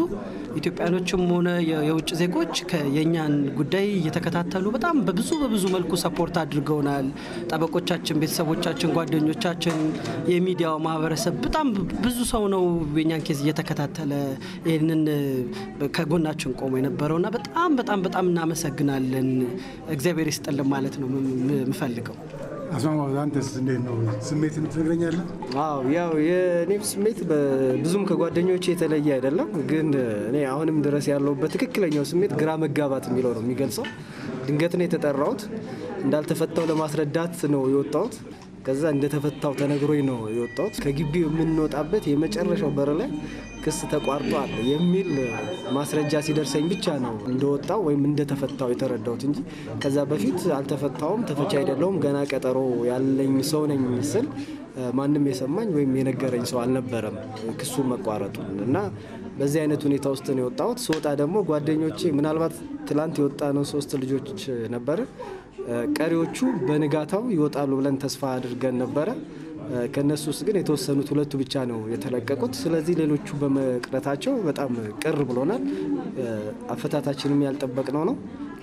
ኢትዮጵያኖችም ሆነ የውጭ ዜጎች የእኛን ጉዳይ እየተከታተሉ በጣም በብዙ በብዙ መልኩ ሰፖርት አድርገውናል። ጠበቆቻችን፣ ቤተሰቦቻችን፣ ጓደኞቻችን፣ የሚዲያው ማህበረሰብ በጣም ብዙ ሰው ነው የእኛን ኬዝ እየተከታተለ ይህንን ከጎናችን ቆሞ የነበረው እና በጣም በጣም በጣም እናመሰግናለን። እግዚአብሔር ይስጥልን ማለት ነው የምፈልገው። አስማማ አንተስ እንዴት ነው ስሜት ትነግረኛለህ? አዎ ያው የኔም ስሜት ብዙም ከጓደኞች የተለየ አይደለም። ግን እኔ አሁንም ድረስ ያለውበት ትክክለኛው ስሜት ግራ መጋባት የሚለው ነው የሚገልጸው። ድንገት ነው የተጠራሁት። እንዳልተፈታው ለማስረዳት ነው የወጣሁት። ከዛ እንደተፈታው ተነግሮኝ ነው የወጣሁት። ከግቢው የምንወጣበት የመጨረሻው በር ላይ ክስ ተቋርጧል የሚል ማስረጃ ሲደርሰኝ ብቻ ነው እንደወጣው ወይም እንደተፈታው የተረዳሁት እንጂ ከዛ በፊት አልተፈታውም፣ ተፈቻ አይደለውም ገና ቀጠሮ ያለኝ ሰው ነኝ ስል ማንም የሰማኝ ወይም የነገረኝ ሰው አልነበረም ክሱ መቋረጡን እና በዚህ አይነት ሁኔታ ውስጥ ነው የወጣሁት። ስወጣ ደግሞ ጓደኞቼ ምናልባት ትላንት የወጣ ነው ሶስት ልጆች ነበር። ቀሪዎቹ በንጋታው ይወጣሉ ብለን ተስፋ አድርገን ነበረ። ከእነሱ ውስጥ ግን የተወሰኑት ሁለቱ ብቻ ነው የተለቀቁት። ስለዚህ ሌሎቹ በመቅረታቸው በጣም ቅር ብሎናል። አፈታታችንም ያልጠበቅነው ነው።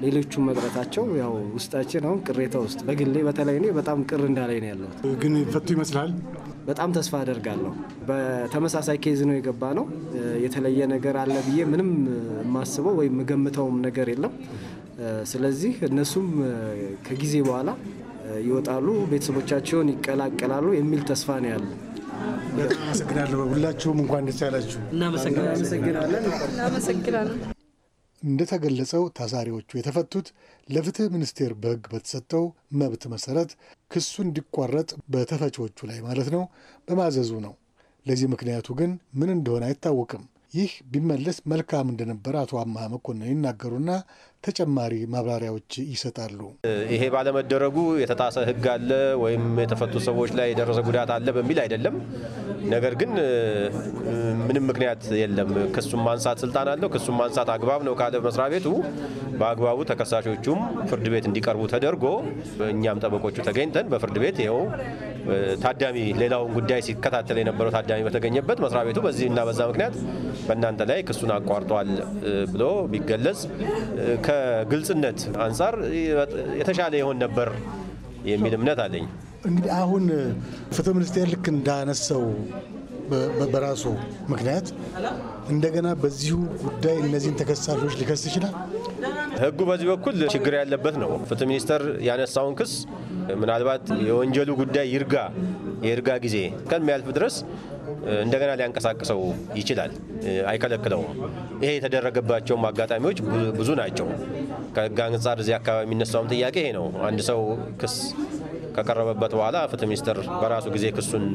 ሌሎቹ መቅረታቸው ያው ውስጣችን አሁን ቅሬታ ውስጥ በግሌ በተለይ እኔ በጣም ቅር እንዳላይ ነው ያለሁት። ግን ፈቱ ይመስላል። በጣም ተስፋ አደርጋለሁ። በተመሳሳይ ኬዝ ነው የገባ ነው። የተለየ ነገር አለ ብዬ ምንም የማስበው ወይም የምገምተውም ነገር የለም። ስለዚህ እነሱም ከጊዜ በኋላ ይወጣሉ፣ ቤተሰቦቻቸውን ይቀላቀላሉ የሚል ተስፋ ነው ያለ። አመሰግናለሁ። ሁላችሁም እንኳን ደስ ያላችሁ። እንደተገለጸው ታሳሪዎቹ የተፈቱት ለፍትህ ሚኒስቴር በሕግ በተሰጠው መብት መሰረት ክሱ እንዲቋረጥ በተፈቺዎቹ ላይ ማለት ነው በማዘዙ ነው። ለዚህ ምክንያቱ ግን ምን እንደሆነ አይታወቅም። ይህ ቢመለስ መልካም እንደነበረ አቶ አማ መኮንን ይናገሩና ተጨማሪ ማብራሪያዎች ይሰጣሉ። ይሄ ባለመደረጉ የተጣሰ ሕግ አለ ወይም የተፈቱ ሰዎች ላይ የደረሰ ጉዳት አለ በሚል አይደለም። ነገር ግን ምንም ምክንያት የለም። ክሱም ማንሳት ስልጣን አለው። ክሱም ማንሳት አግባብ ነው ካለ መስሪያ ቤቱ በአግባቡ ተከሳሾቹም ፍርድ ቤት እንዲቀርቡ ተደርጎ እኛም ጠበቆቹ ተገኝተን በፍርድ ቤት ይኸው ታዳሚ ሌላውን ጉዳይ ሲከታተል የነበረው ታዳሚ በተገኘበት መስሪያ ቤቱ በዚህ እና በዛ ምክንያት በእናንተ ላይ ክሱን አቋርጧል ብሎ ቢገለጽ ከግልጽነት አንጻር የተሻለ ይሆን ነበር የሚል እምነት አለኝ። እንግዲህ አሁን ፍትህ ሚኒስቴር ልክ እንዳነሰው በራሱ ምክንያት እንደገና በዚሁ ጉዳይ እነዚህን ተከሳሾች ሊከስ ይችላል። ህጉ በዚህ በኩል ችግር ያለበት ነው። ፍትህ ሚኒስቴር ያነሳውን ክስ ምናልባት የወንጀሉ ጉዳይ ይርጋ የይርጋ ጊዜ እስከሚያልፍ ድረስ እንደገና ሊያንቀሳቅሰው ይችላል፣ አይከለክለውም። ይሄ የተደረገባቸውም አጋጣሚዎች ብዙ ናቸው። ከህግ አንጻር እዚህ አካባቢ የሚነሳውም ጥያቄ ይሄ ነው። አንድ ሰው ክስ ከቀረበበት በኋላ ፍትህ ሚኒስትር በራሱ ጊዜ ክሱን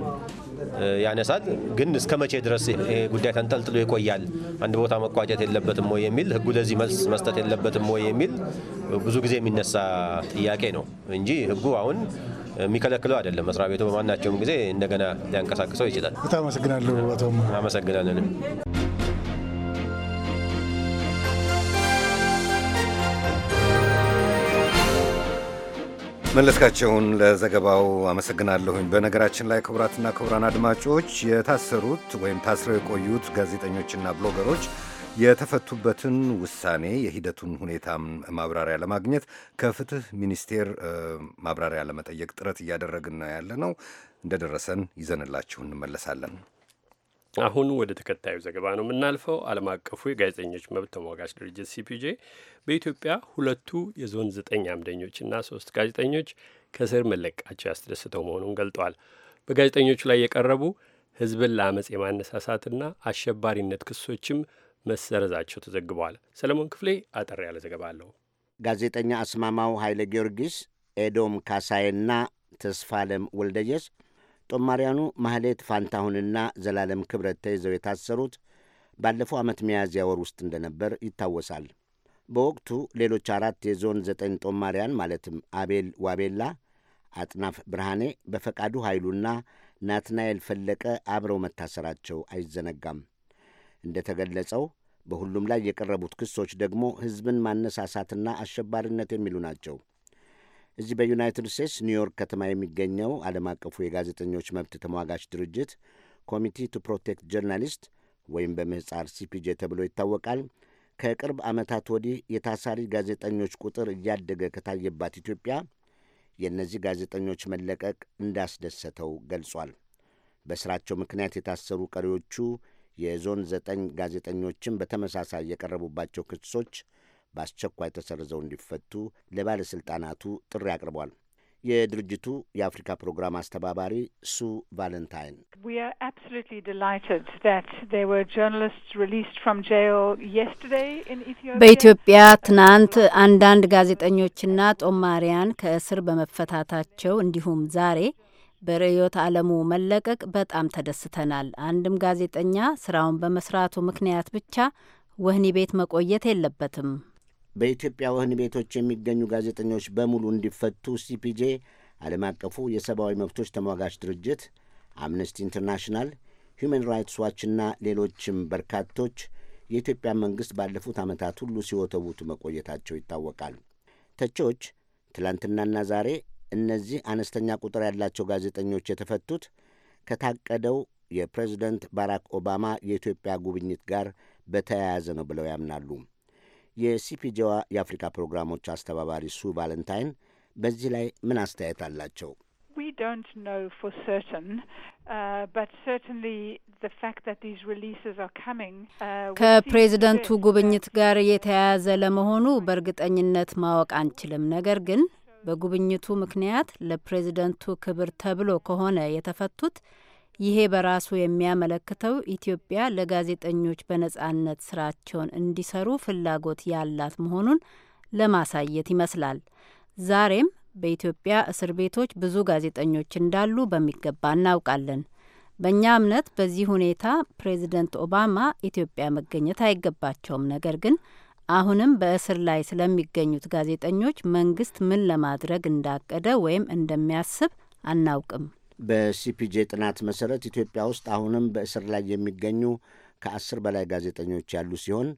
ያነሳል። ግን እስከ መቼ ድረስ ይሄ ጉዳይ ተንጠልጥሎ ይቆያል? አንድ ቦታ መቋጨት የለበትም ወይ የሚል ህጉ ለዚህ መልስ መስጠት የለበትም ወይ የሚል ብዙ ጊዜ የሚነሳ ጥያቄ ነው እንጂ ህጉ አሁን የሚከለክለው አይደለም። መስሪያ ቤቱ በማናቸውም ጊዜ እንደገና ሊያንቀሳቅሰው ይችላል። በጣም አመሰግናለሁ። አመሰግናለንም። መለስካቸውን ለዘገባው አመሰግናለሁኝ። በነገራችን ላይ ክቡራትና ክቡራን አድማጮች የታሰሩት ወይም ታስረው የቆዩት ጋዜጠኞችና ብሎገሮች የተፈቱበትን ውሳኔ የሂደቱን ሁኔታ ማብራሪያ ለማግኘት ከፍትህ ሚኒስቴር ማብራሪያ ለመጠየቅ ጥረት እያደረግን ያለ ነው። እንደደረሰን ይዘንላችሁ እንመለሳለን። አሁን ወደ ተከታዩ ዘገባ ነው የምናልፈው። ዓለም አቀፉ የጋዜጠኞች መብት ተሟጋች ድርጅት ሲፒጄ በኢትዮጵያ ሁለቱ የዞን ዘጠኝ አምደኞችና ሶስት ጋዜጠኞች ከእስር መለቀቃቸው ያስደስተው መሆኑን ገልጧል። በጋዜጠኞቹ ላይ የቀረቡ ህዝብን ለአመፅ የማነሳሳትና አሸባሪነት ክሶችም መሰረዛቸው ተዘግቧል። ሰለሞን ክፍሌ አጠር ያለ ዘገባ አለው። ጋዜጠኛ አስማማው ኃይለ ጊዮርጊስ፣ ኤዶም ካሳይና ተስፋለም ወልደየስ ጦማሪያኑ ማህሌት ፋንታሁንና ዘላለም ክብረት ተይዘው የታሰሩት ባለፈው ዓመት ሚያዝያ ወር ውስጥ እንደነበር ይታወሳል። በወቅቱ ሌሎች አራት የዞን ዘጠኝ ጦማሪያን ማለትም አቤል ዋቤላ፣ አጥናፍ ብርሃኔ፣ በፈቃዱ ኃይሉና ናትናኤል ፈለቀ አብረው መታሰራቸው አይዘነጋም። እንደተገለጸው በሁሉም ላይ የቀረቡት ክሶች ደግሞ ሕዝብን ማነሳሳትና አሸባሪነት የሚሉ ናቸው። እዚህ በዩናይትድ ስቴትስ ኒውዮርክ ከተማ የሚገኘው ዓለም አቀፉ የጋዜጠኞች መብት ተሟጋች ድርጅት ኮሚቲ ቱ ፕሮቴክት ጀርናሊስት ወይም በምህፃር ሲፒጄ ተብሎ ይታወቃል። ከቅርብ ዓመታት ወዲህ የታሳሪ ጋዜጠኞች ቁጥር እያደገ ከታየባት ኢትዮጵያ የእነዚህ ጋዜጠኞች መለቀቅ እንዳስደሰተው ገልጿል። በሥራቸው ምክንያት የታሰሩ ቀሪዎቹ የዞን ዘጠኝ ጋዜጠኞችም በተመሳሳይ የቀረቡባቸው ክሶች በአስቸኳይ ተሰርዘው እንዲፈቱ ለባለሥልጣናቱ ጥሪ አቅርቧል። የድርጅቱ የአፍሪካ ፕሮግራም አስተባባሪ ሱ ቫለንታይን በኢትዮጵያ ትናንት አንዳንድ ጋዜጠኞችና ጦማሪያን ከእስር በመፈታታቸው እንዲሁም ዛሬ በርዕዮት ዓለሙ መለቀቅ በጣም ተደስተናል። አንድም ጋዜጠኛ ስራውን በመስራቱ ምክንያት ብቻ ወህኒ ቤት መቆየት የለበትም። በኢትዮጵያ ወህኒ ቤቶች የሚገኙ ጋዜጠኞች በሙሉ እንዲፈቱ ሲፒጄ፣ ዓለም አቀፉ የሰብአዊ መብቶች ተሟጋች ድርጅት፣ አምነስቲ ኢንተርናሽናል፣ ሁማን ራይትስ ዋችና ሌሎችም በርካቶች የኢትዮጵያ መንግሥት ባለፉት ዓመታት ሁሉ ሲወተውቱ መቆየታቸው ይታወቃል። ተቺዎች ትላንትናና ዛሬ እነዚህ አነስተኛ ቁጥር ያላቸው ጋዜጠኞች የተፈቱት ከታቀደው የፕሬዝደንት ባራክ ኦባማ የኢትዮጵያ ጉብኝት ጋር በተያያዘ ነው ብለው ያምናሉ። የሲፒጄዋ የአፍሪካ ፕሮግራሞች አስተባባሪ ሱ ቫለንታይን በዚህ ላይ ምን አስተያየት አላቸው? Uh, uh, ከፕሬዝደንቱ ጉብኝት ጋር የተያያዘ ለመሆኑ በእርግጠኝነት ማወቅ አንችልም። ነገር ግን በጉብኝቱ ምክንያት ለፕሬዝደንቱ ክብር ተብሎ ከሆነ የተፈቱት ይሄ በራሱ የሚያመለክተው ኢትዮጵያ ለጋዜጠኞች በነጻነት ስራቸውን እንዲሰሩ ፍላጎት ያላት መሆኑን ለማሳየት ይመስላል። ዛሬም በኢትዮጵያ እስር ቤቶች ብዙ ጋዜጠኞች እንዳሉ በሚገባ እናውቃለን። በእኛ እምነት በዚህ ሁኔታ ፕሬዝደንት ኦባማ ኢትዮጵያ መገኘት አይገባቸውም። ነገር ግን አሁንም በእስር ላይ ስለሚገኙት ጋዜጠኞች መንግስት ምን ለማድረግ እንዳቀደ ወይም እንደሚያስብ አናውቅም። በሲፒጄ ጥናት መሰረት ኢትዮጵያ ውስጥ አሁንም በእስር ላይ የሚገኙ ከአስር በላይ ጋዜጠኞች ያሉ ሲሆን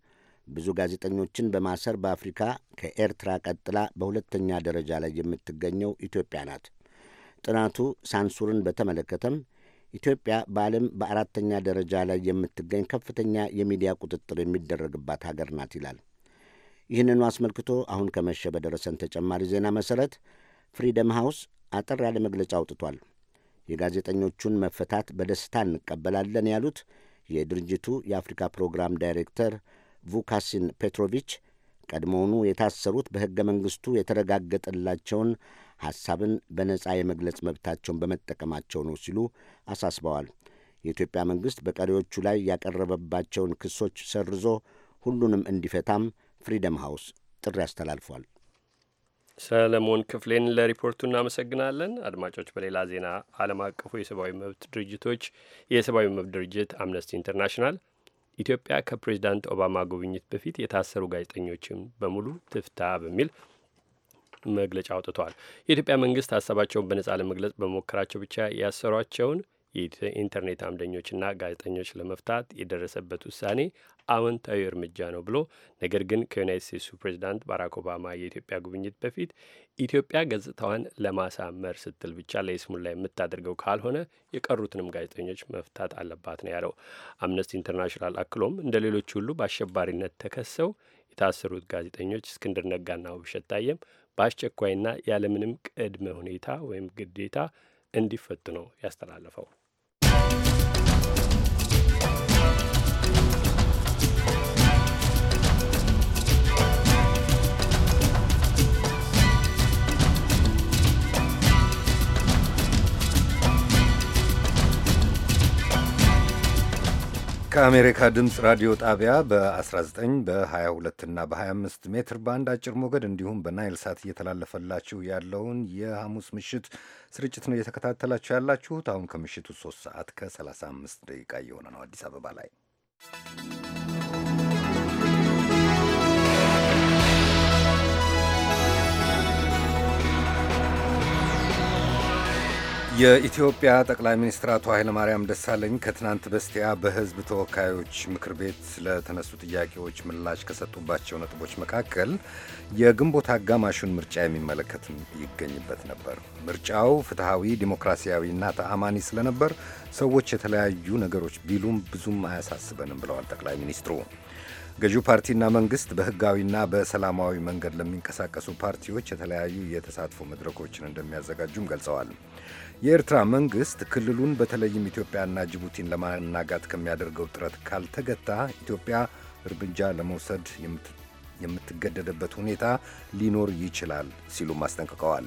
ብዙ ጋዜጠኞችን በማሰር በአፍሪካ ከኤርትራ ቀጥላ በሁለተኛ ደረጃ ላይ የምትገኘው ኢትዮጵያ ናት። ጥናቱ ሳንሱርን በተመለከተም ኢትዮጵያ በዓለም በአራተኛ ደረጃ ላይ የምትገኝ ከፍተኛ የሚዲያ ቁጥጥር የሚደረግባት ሀገር ናት ይላል። ይህንኑ አስመልክቶ አሁን ከመሸ በደረሰን ተጨማሪ ዜና መሠረት ፍሪደም ሃውስ አጠር ያለ መግለጫ አውጥቷል። የጋዜጠኞቹን መፈታት በደስታ እንቀበላለን ያሉት የድርጅቱ የአፍሪካ ፕሮግራም ዳይሬክተር ቩካሲን ፔትሮቪች ቀድሞውኑ የታሰሩት በሕገ መንግሥቱ የተረጋገጠላቸውን ሐሳብን በነጻ የመግለጽ መብታቸውን በመጠቀማቸው ነው ሲሉ አሳስበዋል። የኢትዮጵያ መንግሥት በቀሪዎቹ ላይ ያቀረበባቸውን ክሶች ሰርዞ ሁሉንም እንዲፈታም ፍሪደም ሃውስ ጥሪ አስተላልፏል። ሰለሞን ክፍሌን ለሪፖርቱ እናመሰግናለን። አድማጮች፣ በሌላ ዜና ዓለም አቀፉ የሰብአዊ መብት ድርጅቶች የሰብአዊ መብት ድርጅት አምነስቲ ኢንተርናሽናል ኢትዮጵያ ከፕሬዚዳንት ኦባማ ጉብኝት በፊት የታሰሩ ጋዜጠኞችን በሙሉ ትፍታ በሚል መግለጫ አውጥቷል። የኢትዮጵያ መንግስት ሀሳባቸውን በነጻ ለመግለጽ በመሞከራቸው ብቻ ያሰሯቸውን የኢንተርኔት አምደኞችና ጋዜጠኞች ለመፍታት የደረሰበት ውሳኔ አዎንታዊ እርምጃ ነው ብሎ ነገር ግን ከዩናይት ስቴትሱ ፕሬዚዳንት ባራክ ኦባማ የኢትዮጵያ ጉብኝት በፊት ኢትዮጵያ ገጽታዋን ለማሳመር ስትል ብቻ ለይስሙላ የምታደርገው ካልሆነ የቀሩትንም ጋዜጠኞች መፍታት አለባት ነው ያለው። አምነስቲ ኢንተርናሽናል አክሎም እንደ ሌሎች ሁሉ በአሸባሪነት ተከሰው የታሰሩት ጋዜጠኞች እስክንድር ነጋና ውብሸት ታየም በአስቸኳይና ያለምንም ቅድመ ሁኔታ ወይም ግዴታ እንዲፈቱ ነው ያስተላለፈው። ከአሜሪካ ድምፅ ራዲዮ ጣቢያ በ19 በ22 እና በ25 ሜትር ባንድ አጭር ሞገድ እንዲሁም በናይል ሳት እየተላለፈላችሁ ያለውን የሐሙስ ምሽት ስርጭት ነው እየተከታተላችሁ ያላችሁት። አሁን ከምሽቱ 3 ሰዓት ከ35 ደቂቃ እየሆነ ነው አዲስ አበባ ላይ። የኢትዮጵያ ጠቅላይ ሚኒስትር አቶ ኃይለማርያም ደሳለኝ ከትናንት በስቲያ በሕዝብ ተወካዮች ምክር ቤት ለተነሱ ጥያቄዎች ምላሽ ከሰጡባቸው ነጥቦች መካከል የግንቦት አጋማሹን ምርጫ የሚመለከትም ይገኝበት ነበር። ምርጫው ፍትሐዊ፣ ዲሞክራሲያዊና ተአማኒ ስለነበር ሰዎች የተለያዩ ነገሮች ቢሉም ብዙም አያሳስበንም ብለዋል ጠቅላይ ሚኒስትሩ። ገዢው ፓርቲና መንግስት በህጋዊና በሰላማዊ መንገድ ለሚንቀሳቀሱ ፓርቲዎች የተለያዩ የተሳትፎ መድረኮችን እንደሚያዘጋጁም ገልጸዋል። የኤርትራ መንግሥት ክልሉን በተለይም ኢትዮጵያና ጅቡቲን ለማናጋት ከሚያደርገው ጥረት ካልተገታ ኢትዮጵያ እርምጃ ለመውሰድ የምትገደደበት ሁኔታ ሊኖር ይችላል ሲሉም አስጠንቅቀዋል።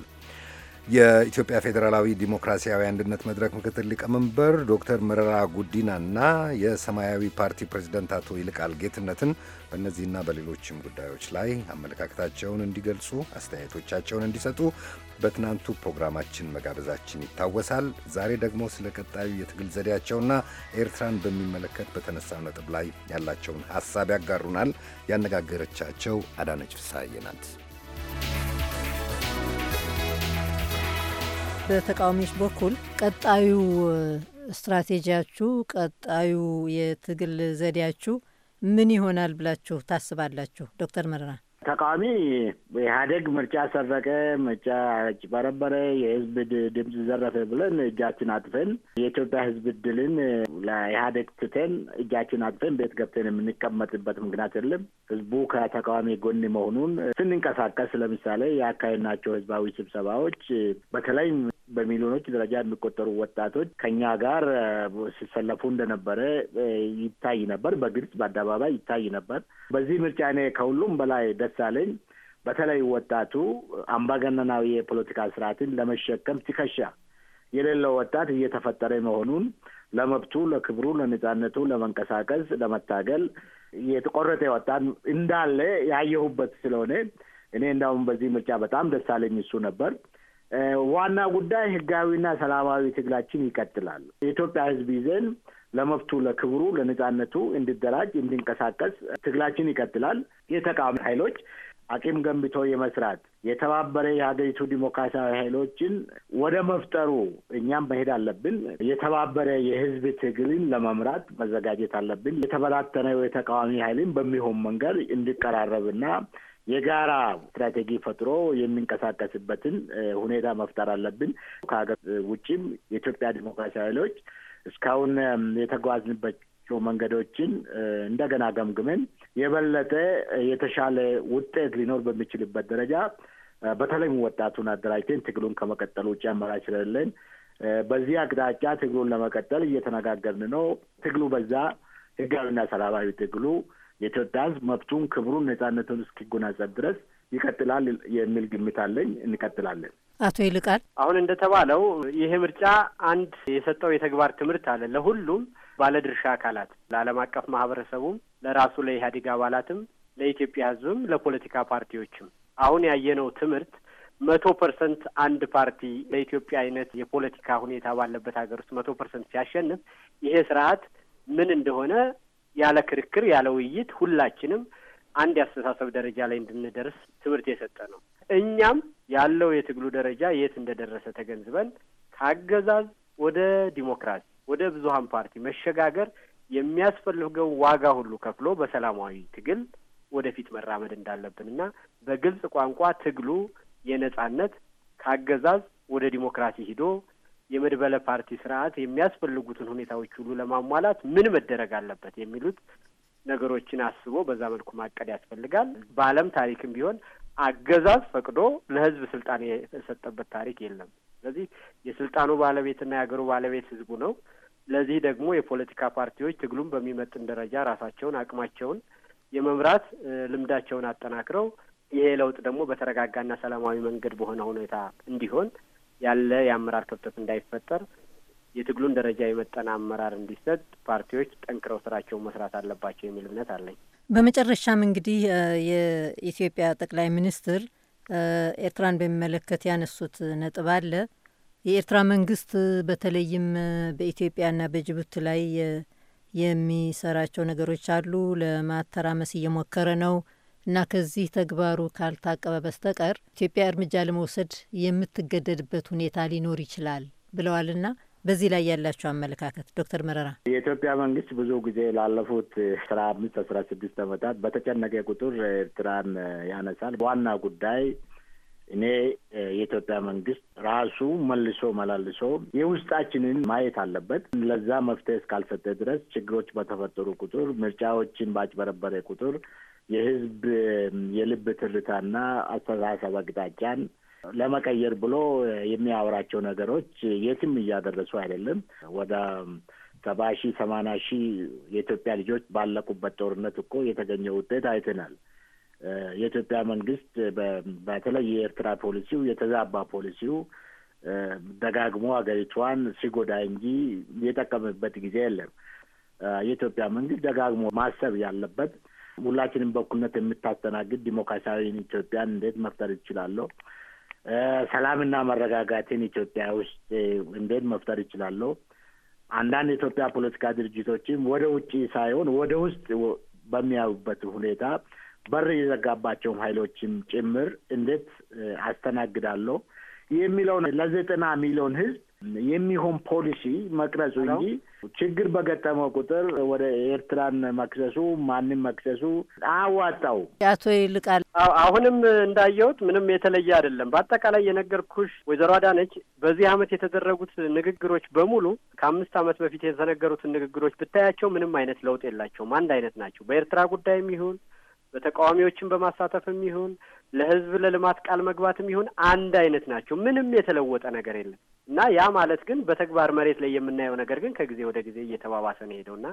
የኢትዮጵያ ፌዴራላዊ ዲሞክራሲያዊ አንድነት መድረክ ምክትል ሊቀመንበር ዶክተር መረራ ጉዲናና የሰማያዊ ፓርቲ ፕሬዚደንት አቶ ይልቃል ጌትነትን በእነዚህና በሌሎችም ጉዳዮች ላይ አመለካከታቸውን እንዲገልጹ፣ አስተያየቶቻቸውን እንዲሰጡ በትናንቱ ፕሮግራማችን መጋበዛችን ይታወሳል። ዛሬ ደግሞ ስለ ቀጣዩ የትግል ዘዴያቸውና ኤርትራን በሚመለከት በተነሳው ነጥብ ላይ ያላቸውን ሀሳብ ያጋሩናል። ያነጋገረቻቸው አዳነች ፍስሐዬ ናት። በተቃዋሚዎች በኩል ቀጣዩ ስትራቴጂያችሁ፣ ቀጣዩ የትግል ዘዴያችሁ ምን ይሆናል ብላችሁ ታስባላችሁ ዶክተር መረራ? ተቃዋሚ ኢህአዴግ ምርጫ ሰረቀ፣ ምርጫ አጭበረበረ፣ የህዝብ ድምፅ ዘረፈ ብለን እጃችን አጥፈን የኢትዮጵያ ህዝብ ድልን ለኢህአዴግ ትተን እጃችን አጥፈን ቤት ገብተን የምንቀመጥበት ምክንያት የለም። ህዝቡ ከተቃዋሚ ጎን መሆኑን ስንንቀሳቀስ፣ ለምሳሌ ያካሄድናቸው ህዝባዊ ስብሰባዎች በተለይ በሚሊዮኖች ደረጃ የሚቆጠሩ ወጣቶች ከኛ ጋር ሲሰለፉ እንደነበረ ይታይ ነበር። በግልጽ በአደባባይ ይታይ ነበር። በዚህ ምርጫ እኔ ከሁሉም በላይ ደስ አለኝ። በተለይ ወጣቱ አምባገነናዊ የፖለቲካ ስርዓትን ለመሸከም ትከሻ የሌለው ወጣት እየተፈጠረ መሆኑን ለመብቱ፣ ለክብሩ፣ ለነጻነቱ ለመንቀሳቀስ፣ ለመታገል የተቆረጠ ወጣት እንዳለ ያየሁበት ስለሆነ እኔ እንዳውም በዚህ ምርጫ በጣም ደስ አለኝ። እሱ ነበር። ዋና ጉዳይ ህጋዊና ሰላማዊ ትግላችን ይቀጥላል። የኢትዮጵያ ህዝብ ይዘን ለመብቱ፣ ለክብሩ፣ ለነጻነቱ እንዲደራጅ፣ እንድንቀሳቀስ ትግላችን ይቀጥላል። የተቃዋሚ ኃይሎች አቂም ገንብቶ የመስራት የተባበረ የሀገሪቱ ዲሞክራሲያዊ ኃይሎችን ወደ መፍጠሩ እኛም መሄድ አለብን። የተባበረ የህዝብ ትግልን ለመምራት መዘጋጀት አለብን። የተበታተነው የተቃዋሚ ኃይልን በሚሆን መንገድ እንዲቀራረብና የጋራ ስትራቴጂ ፈጥሮ የሚንቀሳቀስበትን ሁኔታ መፍጠር አለብን። ከሀገር ውጭም የኢትዮጵያ ዲሞክራሲ ኃይሎች እስካሁን የተጓዝንባቸው መንገዶችን እንደገና ገምግመን የበለጠ የተሻለ ውጤት ሊኖር በሚችልበት ደረጃ በተለይም ወጣቱን አደራጅተን ትግሉን ከመቀጠል ውጭ አማራጭ ስለሌለን በዚህ አቅጣጫ ትግሉን ለመቀጠል እየተነጋገርን ነው። ትግሉ በዛ ህጋዊና ሰላማዊ ትግሉ የኢትዮጵያ ህዝብ መብቱን፣ ክብሩን፣ ነጻነቱን እስኪጎናጸፍ ድረስ ይቀጥላል የሚል ግምት አለኝ። እንቀጥላለን። አቶ ይልቃል አሁን እንደተባለው ይሄ ምርጫ አንድ የሰጠው የተግባር ትምህርት አለ ለሁሉም ባለድርሻ አካላት ለዓለም አቀፍ ማህበረሰቡም ለራሱ ለኢህአዴግ አባላትም ለኢትዮጵያ ህዝብም ለፖለቲካ ፓርቲዎችም አሁን ያየነው ትምህርት መቶ ፐርሰንት አንድ ፓርቲ ለኢትዮጵያ አይነት የፖለቲካ ሁኔታ ባለበት ሀገር ውስጥ መቶ ፐርሰንት ሲያሸንፍ ይሄ ስርዓት ምን እንደሆነ ያለ ክርክር ያለ ውይይት ሁላችንም አንድ የአስተሳሰብ ደረጃ ላይ እንድንደርስ ትምህርት የሰጠ ነው። እኛም ያለው የትግሉ ደረጃ የት እንደደረሰ ተገንዝበን ከአገዛዝ ወደ ዲሞክራሲ ወደ ብዙሀን ፓርቲ መሸጋገር የሚያስፈልገው ዋጋ ሁሉ ከፍሎ በሰላማዊ ትግል ወደፊት መራመድ እንዳለብንና በግልጽ ቋንቋ ትግሉ የነጻነት ከአገዛዝ ወደ ዲሞክራሲ ሂዶ የመድበለ ፓርቲ ስርዓት የሚያስፈልጉትን ሁኔታዎች ሁሉ ለማሟላት ምን መደረግ አለበት የሚሉት ነገሮችን አስቦ በዛ መልኩ ማቀድ ያስፈልጋል። በዓለም ታሪክም ቢሆን አገዛዝ ፈቅዶ ለህዝብ ስልጣን የሰጠበት ታሪክ የለም። ስለዚህ የስልጣኑ ባለቤትና የሀገሩ ባለቤት ህዝቡ ነው። ለዚህ ደግሞ የፖለቲካ ፓርቲዎች ትግሉም በሚመጥን ደረጃ ራሳቸውን አቅማቸውን የመምራት ልምዳቸውን አጠናክረው ይሄ ለውጥ ደግሞ በተረጋጋና ሰላማዊ መንገድ በሆነ ሁኔታ እንዲሆን ያለ የአመራር ክፍተት እንዳይፈጠር የትግሉን ደረጃ የመጠነ አመራር እንዲሰጥ ፓርቲዎች ጠንክረው ስራቸውን መስራት አለባቸው የሚል እምነት አለኝ። በመጨረሻም እንግዲህ የኢትዮጵያ ጠቅላይ ሚኒስትር ኤርትራን በሚመለከት ያነሱት ነጥብ አለ። የኤርትራ መንግስት በተለይም በኢትዮጵያና በጅቡቲ ላይ የሚሰራቸው ነገሮች አሉ፣ ለማተራመስ እየሞከረ ነው እና ከዚህ ተግባሩ ካልታቀበ በስተቀር ኢትዮጵያ እርምጃ ለመውሰድ የምትገደድበት ሁኔታ ሊኖር ይችላል ብለዋልና በዚህ ላይ ያላቸው አመለካከት ዶክተር መረራ የኢትዮጵያ መንግስት ብዙ ጊዜ ላለፉት አስራ አምስት አስራ ስድስት ዓመታት በተጨነቀ ቁጥር ኤርትራን ያነሳል። በዋና ጉዳይ እኔ የኢትዮጵያ መንግስት ራሱ መልሶ መላልሶ የውስጣችንን ማየት አለበት። ለዛ መፍትሄ እስካልሰጠ ድረስ ችግሮች በተፈጠሩ ቁጥር፣ ምርጫዎችን ባጭበረበረ ቁጥር የህዝብ የልብ ትርታና አስተሳሰብ አቅጣጫን ለመቀየር ብሎ የሚያወራቸው ነገሮች የትም እያደረሱ አይደለም። ወደ ሰባ ሺህ ሰማንያ ሺህ የኢትዮጵያ ልጆች ባለቁበት ጦርነት እኮ የተገኘ ውጤት አይተናል። የኢትዮጵያ መንግስት በተለይ የኤርትራ ፖሊሲው የተዛባ ፖሊሲው ደጋግሞ ሀገሪቷን ሲጎዳ እንጂ የጠቀምበት ጊዜ የለም። የኢትዮጵያ መንግስት ደጋግሞ ማሰብ ያለበት ሁላችንም በኩልነት የምታስተናግድ ዲሞክራሲያዊን ኢትዮጵያን እንዴት መፍጠር ይችላለሁ? ሰላምና መረጋጋትን ኢትዮጵያ ውስጥ እንዴት መፍጠር ይችላለሁ? አንዳንድ የኢትዮጵያ ፖለቲካ ድርጅቶችም ወደ ውጭ ሳይሆን ወደ ውስጥ በሚያዩበት ሁኔታ በር የዘጋባቸውም ኃይሎችም ጭምር እንዴት አስተናግዳለሁ የሚለው ለዘጠና ሚሊዮን ህዝብ የሚሆን ፖሊሲ መቅረጹ እንጂ ችግር በገጠመው ቁጥር ወደ ኤርትራን መክሰሱ ማንም መክሰሱ አዋጣው። አቶ ይልቃል አሁንም እንዳየሁት ምንም የተለየ አይደለም። በአጠቃላይ የነገርኩሽ ወይዘሮ አዳነች በዚህ አመት የተደረጉት ንግግሮች በሙሉ ከአምስት ዓመት በፊት የተነገሩትን ንግግሮች ብታያቸው ምንም አይነት ለውጥ የላቸውም። አንድ አይነት ናቸው። በኤርትራ ጉዳይም ይሁን በተቃዋሚዎችን በማሳተፍም ይሁን ለህዝብ ለልማት ቃል መግባትም ይሁን አንድ አይነት ናቸው። ምንም የተለወጠ ነገር የለም። እና ያ ማለት ግን በተግባር መሬት ላይ የምናየው ነገር ግን ከጊዜ ወደ ጊዜ እየተባባሰ ነው ሄደው እና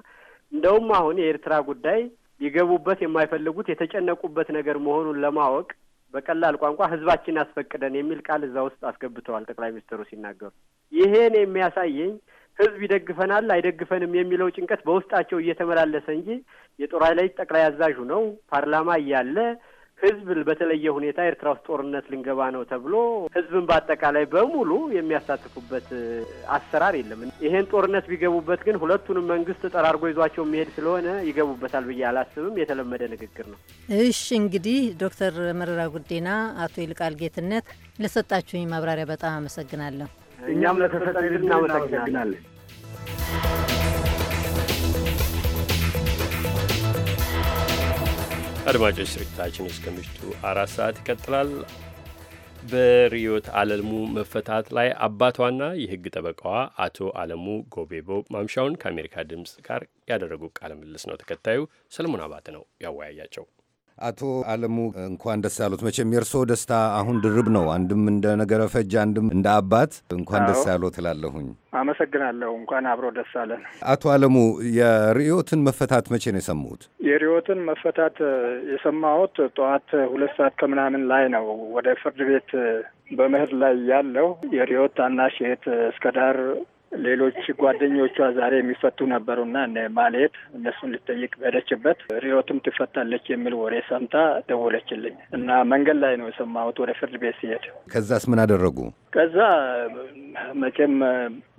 እንደውም አሁን የኤርትራ ጉዳይ ሊገቡበት የማይፈልጉት የተጨነቁበት ነገር መሆኑን ለማወቅ በቀላል ቋንቋ ህዝባችን አስፈቅደን የሚል ቃል እዛ ውስጥ አስገብተዋል ጠቅላይ ሚኒስትሩ ሲናገሩ። ይሄን የሚያሳየኝ ህዝብ ይደግፈናል አይደግፈንም የሚለው ጭንቀት በውስጣቸው እየተመላለሰ እንጂ የጦር ኃይሎች ጠቅላይ አዛዡ ነው ፓርላማ እያለ ህዝብ በተለየ ሁኔታ ኤርትራ ውስጥ ጦርነት ልንገባ ነው ተብሎ ህዝብን በአጠቃላይ በሙሉ የሚያሳትፉበት አሰራር የለም። ይሄን ጦርነት ቢገቡበት ግን ሁለቱንም መንግስት ጠራርጎ ይዟቸው የሚሄድ ስለሆነ ይገቡበታል ብዬ አላስብም። የተለመደ ንግግር ነው። እሺ እንግዲህ ዶክተር መረራ ጉዲና፣ አቶ ይልቃል ጌትነት ለሰጣችሁኝ ማብራሪያ በጣም አመሰግናለሁ። እኛም ለተሰጠ እናመሰግናለን። አድማጮች ስርጭታችን እስከ ምሽቱ አራት ሰዓት ይቀጥላል። በሪዮት አለሙ መፈታት ላይ አባቷና የህግ ጠበቃዋ አቶ አለሙ ጎቤቦ ማምሻውን ከአሜሪካ ድምፅ ጋር ያደረጉ ቃለ ምልልስ ነው። ተከታዩ ሰለሞን አባተ ነው ያወያያቸው። አቶ አለሙ እንኳን ደስ ያሉት። መቼም የእርስዎ ደስታ አሁን ድርብ ነው። አንድም እንደ ነገረ ፈጅ፣ አንድም እንደ አባት እንኳን ደስ ያሉት እላለሁኝ። አመሰግናለሁ። እንኳን አብሮ ደስ አለን። አቶ አለሙ የርዕዮትን መፈታት መቼ ነው የሰሙት? የርዕዮትን መፈታት የሰማሁት ጠዋት ሁለት ሰዓት ከምናምን ላይ ነው ወደ ፍርድ ቤት በመሄድ ላይ ያለው የርዕዮት ታናሽ እህት እስከ ዳር ሌሎች ጓደኞቿ ዛሬ የሚፈቱ ነበሩና እነ ማሌት እነሱን ልጠይቅ በሄደችበት ሪዮትም ትፈታለች የሚል ወሬ ሰምታ ደወለችልኝ እና መንገድ ላይ ነው የሰማሁት ወደ ፍርድ ቤት ሲሄድ። ከዛስ ምን አደረጉ? ከዛ መቼም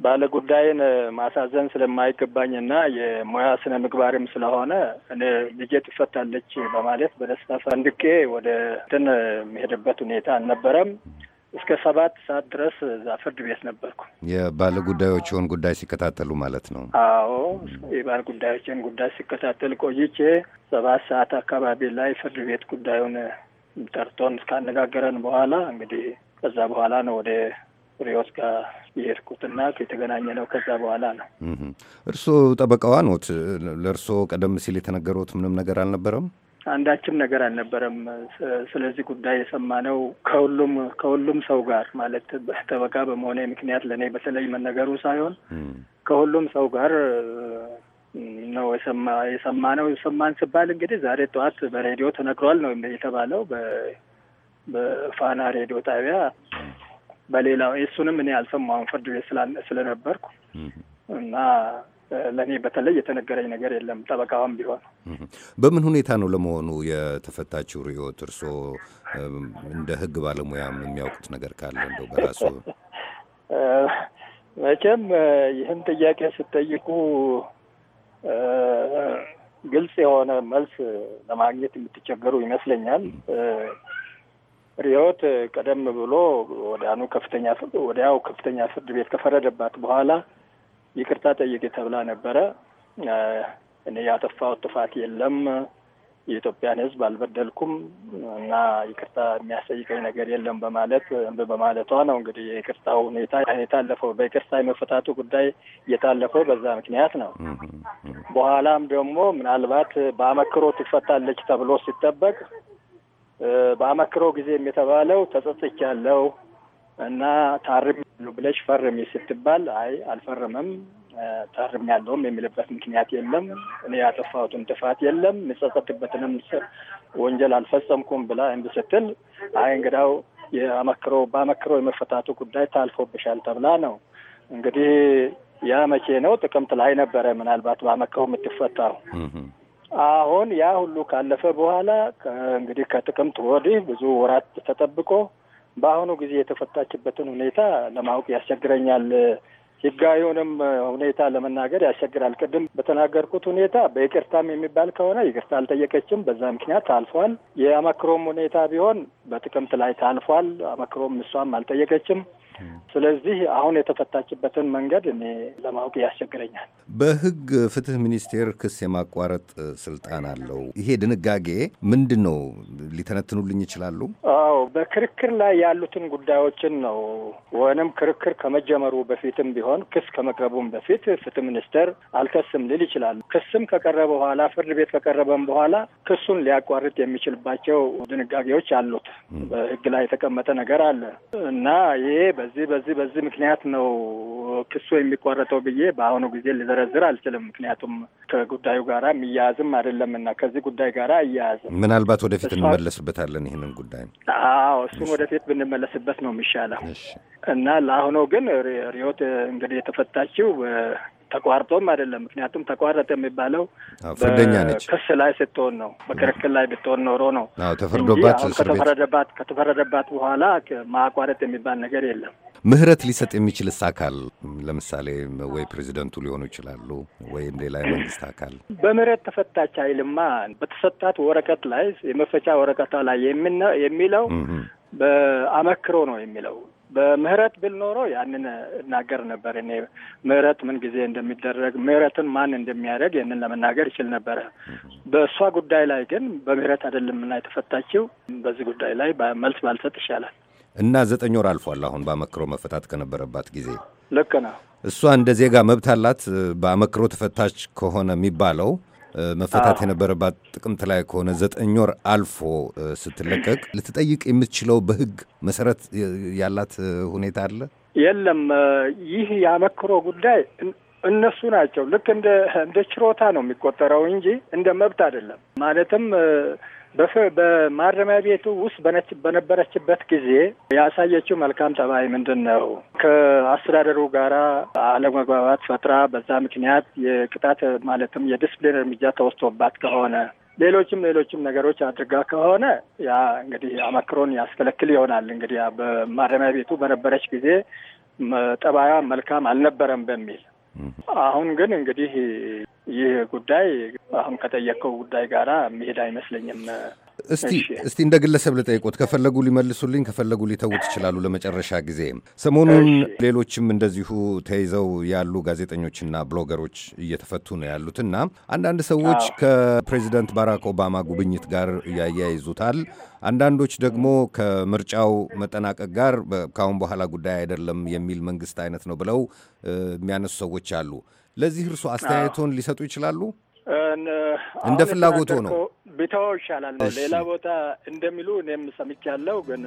ባለ ጉዳይን ማሳዘን ስለማይገባኝ እና የሙያ ስነ ምግባርም ስለሆነ እኔ ልጄ ትፈታለች በማለት በደስታ ፈንድቄ ወደ እንትን የሚሄድበት ሁኔታ አልነበረም። እስከ ሰባት ሰዓት ድረስ እዛ ፍርድ ቤት ነበርኩ። የባለ ጉዳዮችን ጉዳይ ሲከታተሉ ማለት ነው? አዎ የባለ ጉዳዮችን ጉዳይ ሲከታተል ቆይቼ ሰባት ሰዓት አካባቢ ላይ ፍርድ ቤት ጉዳዩን ጠርቶን ካነጋገረን በኋላ እንግዲህ ከዛ በኋላ ነው ወደ ሪዮት ጋር የሄድኩትና የተገናኘ ነው። ከዛ በኋላ ነው። እርስዎ ጠበቃዋ ኖት። ለእርስዎ ቀደም ሲል የተነገሩት ምንም ነገር አልነበረም? አንዳችም ነገር አልነበረም። ስለዚህ ጉዳይ የሰማነው ከሁሉም ከሁሉም ሰው ጋር ማለት ጠበቃ በመሆነ ምክንያት ለእኔ በተለይ መነገሩ ሳይሆን ከሁሉም ሰው ጋር ነው የሰማ የሰማ ነው የሰማን ስባል እንግዲህ ዛሬ ጠዋት በሬዲዮ ተነግሯል ነው የተባለው በፋና ሬዲዮ ጣቢያ በሌላው የእሱንም እኔ አልሰማሁም ፍርድ ቤት ስለነበርኩ እና ለእኔ በተለይ የተነገረኝ ነገር የለም። ጠበቃዋም ቢሆን በምን ሁኔታ ነው ለመሆኑ የተፈታችው ርዕዮት? እርስዎ እንደ ህግ ባለሙያም የሚያውቁት ነገር ካለ እንደው በራሱ መቼም ይህን ጥያቄ ስጠይቁ ግልጽ የሆነ መልስ ለማግኘት የምትቸገሩ ይመስለኛል። ርዕዮት ቀደም ብሎ ወዲያኑ ከፍተኛ ወዲያው ከፍተኛ ፍርድ ቤት ከፈረደባት በኋላ ይቅርታ ጠይቄ ተብላ ነበረ። እኔ ያጠፋሁት ጥፋት የለም፣ የኢትዮጵያን ሕዝብ አልበደልኩም እና ይቅርታ የሚያስጠይቀኝ ነገር የለም በማለት በማለቷ ነው እንግዲህ የይቅርታው ሁኔታ የታለፈው በይቅርታ የመፈታቱ ጉዳይ የታለፈው በዛ ምክንያት ነው። በኋላም ደግሞ ምናልባት በአመክሮ ትፈታለች ተብሎ ሲጠበቅ በአመክሮ ጊዜም የተባለው ተጸጽቻለሁ እና ታርም ያለው ብለሽ ፈርም ስትባል አይ አልፈርምም ታርም ያለውም የሚልበት ምክንያት የለም። እኔ ያጠፋሁትን ጥፋት የለም የምጸጸትበትንም ወንጀል አልፈጸምኩም ብላ እንዲህ ስትል አይ እንግዳው የአመክሮ በአመክሮ የመፈታቱ ጉዳይ ታልፎብሻል ተብላ ነው እንግዲህ ያ መቼ ነው? ጥቅምት ላይ ነበረ ምናልባት በአመክሮ የምትፈታው። አሁን ያ ሁሉ ካለፈ በኋላ እንግዲህ ከጥቅምት ወዲህ ብዙ ወራት ተጠብቆ በአሁኑ ጊዜ የተፈታችበትን ሁኔታ ለማወቅ ያስቸግረኛል። ህጋዊውንም ሁኔታ ለመናገር ያስቸግራል። ቅድም በተናገርኩት ሁኔታ በይቅርታም የሚባል ከሆነ ይቅርታ አልጠየቀችም፣ በዛ ምክንያት ታልፏል። የአመክሮም ሁኔታ ቢሆን በጥቅምት ላይ ታልፏል። አመክሮም እሷም አልጠየቀችም። ስለዚህ አሁን የተፈታችበትን መንገድ እኔ ለማወቅ ያስቸግረኛል። በህግ ፍትህ ሚኒስቴር ክስ የማቋረጥ ስልጣን አለው። ይሄ ድንጋጌ ምንድን ነው? ሊተነትኑልኝ ይችላሉ? አዎ፣ በክርክር ላይ ያሉትን ጉዳዮችን ነው ወይንም ክርክር ከመጀመሩ በፊትም ቢሆን ሳይሆን ክስ ከመቅረቡም በፊት ፍትህ ሚኒስቴር አልከስም ልል ይችላል። ክስም ከቀረበ በኋላ ፍርድ ቤት ከቀረበም በኋላ ክሱን ሊያቋርጥ የሚችልባቸው ድንጋጌዎች አሉት። በህግ ላይ የተቀመጠ ነገር አለ እና ይሄ በዚህ በዚህ በዚህ ምክንያት ነው ክሱ የሚቋረጠው ብዬ በአሁኑ ጊዜ ልዘረዝር አልችልም። ምክንያቱም ከጉዳዩ ጋር የሚያያዝም አይደለም እና ከዚህ ጉዳይ ጋር አያያዝም። ምናልባት ወደፊት እንመለስበታለን ይህንን ጉዳይ። አዎ እሱን ወደፊት ብንመለስበት ነው የሚሻለው። እና ለአሁኑ ግን ሪዮት እንግዲህ የተፈታችው ተቋርጦም አይደለም። ምክንያቱም ተቋረጠ የሚባለው ፍርደኛ ነች ክስ ላይ ስትሆን ነው። በክርክር ላይ ብትሆን ኖሮ ነው ተፈርዶባት ከተፈረደባት ከተፈረደባት በኋላ ማቋረጥ የሚባል ነገር የለም። ምህረት ሊሰጥ የሚችልስ አካል ለምሳሌ ወይ ፕሬዚደንቱ ሊሆኑ ይችላሉ ወይም ሌላ የመንግስት አካል። በምህረት ተፈታች አይልማ። በተሰጣት ወረቀት ላይ የመፈቻ ወረቀቷ ላይ የሚለው በአመክሮ ነው የሚለው በምህረት ብል ኖሮ ያንን እናገር ነበር። እኔ ምህረት ምን ጊዜ እንደሚደረግ ምህረትን ማን እንደሚያደርግ ያንን ለመናገር ይችል ነበረ። በእሷ ጉዳይ ላይ ግን በምህረት አይደለምና የተፈታችው። በዚህ ጉዳይ ላይ መልስ ባልሰጥ ይሻላል። እና ዘጠኝ ወር አልፏል። አሁን በአመክሮ መፈታት ከነበረባት ጊዜ ልክ ነው። እሷ እንደ ዜጋ መብት አላት። በአመክሮ ተፈታች ከሆነ የሚባለው መፈታት የነበረባት ጥቅምት ላይ ከሆነ ዘጠኝ ወር አልፎ ስትለቀቅ ልትጠይቅ የምትችለው በህግ መሰረት ያላት ሁኔታ አለ? የለም። ይህ የአመክሮ ጉዳይ እነሱ ናቸው። ልክ እንደ ችሮታ ነው የሚቆጠረው እንጂ እንደ መብት አይደለም። ማለትም በማረሚያ ቤቱ ውስጥ በነበረችበት ጊዜ ያሳየችው መልካም ጠባይ ምንድን ነው? ከአስተዳደሩ ጋራ አለመግባባት ፈጥራ በዛ ምክንያት የቅጣት ማለትም የዲስፕሊን እርምጃ ተወስቶባት ከሆነ ሌሎችም ሌሎችም ነገሮች አድርጋ ከሆነ ያ እንግዲህ አመክሮን ያስከለክል ይሆናል። እንግዲህ በማረሚያ ቤቱ በነበረች ጊዜ ጠባያ መልካም አልነበረም በሚል አሁን ግን እንግዲህ ይህ ጉዳይ አሁን ከጠየቀው ጉዳይ ጋር መሄድ አይመስለኝም። እስቲ እስቲ እንደ ግለሰብ ልጠይቆት፣ ከፈለጉ ሊመልሱልኝ፣ ከፈለጉ ሊተውት ይችላሉ። ለመጨረሻ ጊዜ ሰሞኑን ሌሎችም እንደዚሁ ተይዘው ያሉ ጋዜጠኞችና ብሎገሮች እየተፈቱ ነው ያሉትና አንዳንድ ሰዎች ከፕሬዚደንት ባራክ ኦባማ ጉብኝት ጋር ያያይዙታል። አንዳንዶች ደግሞ ከምርጫው መጠናቀቅ ጋር ከአሁን በኋላ ጉዳይ አይደለም የሚል መንግስት አይነት ነው ብለው የሚያነሱ ሰዎች አሉ። ለዚህ እርሱ አስተያየቶን ሊሰጡ ይችላሉ። እንደ ፍላጎቱ ነው ቢተወው ይሻላል ነው። ሌላ ቦታ እንደሚሉ እኔም ሰምቻለሁ፣ ግን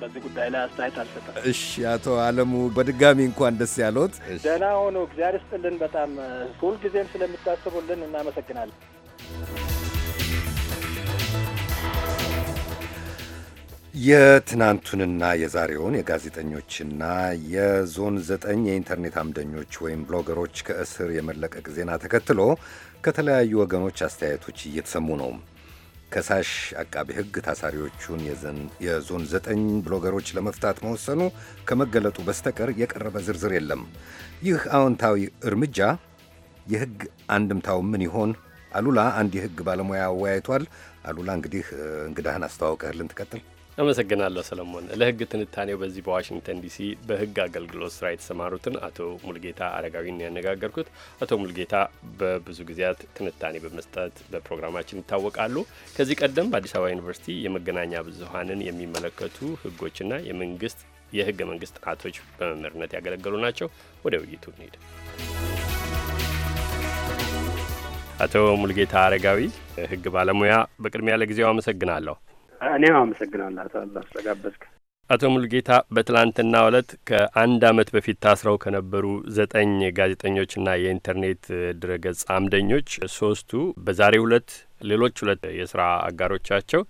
በዚህ ጉዳይ ላይ አስተያየት አልሰጠም። እሺ፣ አቶ አለሙ በድጋሚ እንኳን ደስ ያሎት። ደህና ሆኖ እግዚአብሔር ስጥልን። በጣም ሁልጊዜም ስለምታስቡልን እናመሰግናለን። የትናንቱንና የዛሬውን የጋዜጠኞችና የዞን ዘጠኝ የኢንተርኔት አምደኞች ወይም ብሎገሮች ከእስር የመለቀቅ ዜና ተከትሎ ከተለያዩ ወገኖች አስተያየቶች እየተሰሙ ነው። ከሳሽ አቃቢ ሕግ ታሳሪዎቹን የዞን ዘጠኝ ብሎገሮች ለመፍታት መወሰኑ ከመገለጡ በስተቀር የቀረበ ዝርዝር የለም። ይህ አዎንታዊ እርምጃ የሕግ አንድምታው ምን ይሆን? አሉላ አንድ የሕግ ባለሙያ አወያይቷል። አሉላ እንግዲህ እንግዳህን አስተዋውቀህልን ትቀጥል። አመሰግናለሁ ሰለሞን። ለህግ ትንታኔው በዚህ በዋሽንግተን ዲሲ በህግ አገልግሎት ስራ የተሰማሩትን አቶ ሙልጌታ አረጋዊን ያነጋገርኩት። አቶ ሙልጌታ በብዙ ጊዜያት ትንታኔ በመስጠት በፕሮግራማችን ይታወቃሉ። ከዚህ ቀደም በአዲስ አበባ ዩኒቨርሲቲ የመገናኛ ብዙሀንን የሚመለከቱ ህጎችና የመንግስት የህገ መንግስት ጥናቶች በመምህርነት ያገለገሉ ናቸው። ወደ ውይይቱ እንሂድ። አቶ ሙልጌታ አረጋዊ ህግ ባለሙያ፣ በቅድሚያ ለጊዜው አመሰግናለሁ። እኔም አመሰግናለሁ አቶ አላ ስለጋበዝክ። አቶ ሙልጌታ በትላንትና ዕለት ከአንድ አመት በፊት ታስረው ከነበሩ ዘጠኝ ጋዜጠኞችና የኢንተርኔት ድረገጽ አምደኞች ሶስቱ በዛሬው ዕለት ሌሎች ሁለት የስራ አጋሮቻቸው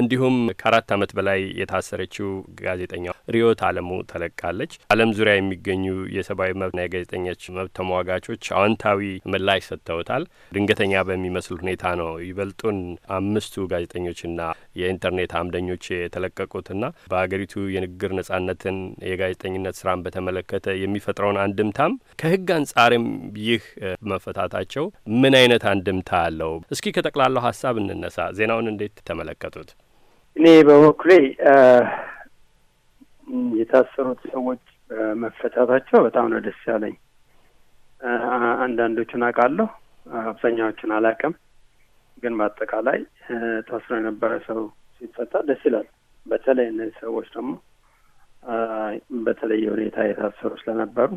እንዲሁም ከአራት ዓመት በላይ የታሰረችው ጋዜጠኛ ሪዮት አለሙ ተለቃለች። ዓለም ዙሪያ የሚገኙ የሰብአዊ መብትና የጋዜጠኞች መብት ተሟጋቾች አዎንታዊ ምላሽ ሰጥተውታል። ድንገተኛ በሚመስል ሁኔታ ነው ይበልጡን አምስቱ ጋዜጠኞችና የኢንተርኔት አምደኞች የተለቀቁትና በሀገሪቱ የንግግር ነጻነትን የጋዜጠኝነት ስራን በተመለከተ የሚፈጥረውን አንድምታም ከህግ አንጻርም ይህ መፈታታቸው ምን አይነት አንድምታ አለው? እስኪ ከጠቅላላ ካለው ሀሳብ እንነሳ። ዜናውን እንዴት ተመለከቱት? እኔ በበኩሌ የታሰሩት ሰዎች መፈታታቸው በጣም ነው ደስ ያለኝ። አንዳንዶቹን አውቃለሁ፣ አብዛኛዎቹን አላውቅም። ግን በአጠቃላይ ታስሮ የነበረ ሰው ሲፈታ ደስ ይላል። በተለይ እነዚህ ሰዎች ደግሞ በተለየ ሁኔታ የታሰሩ ስለነበሩ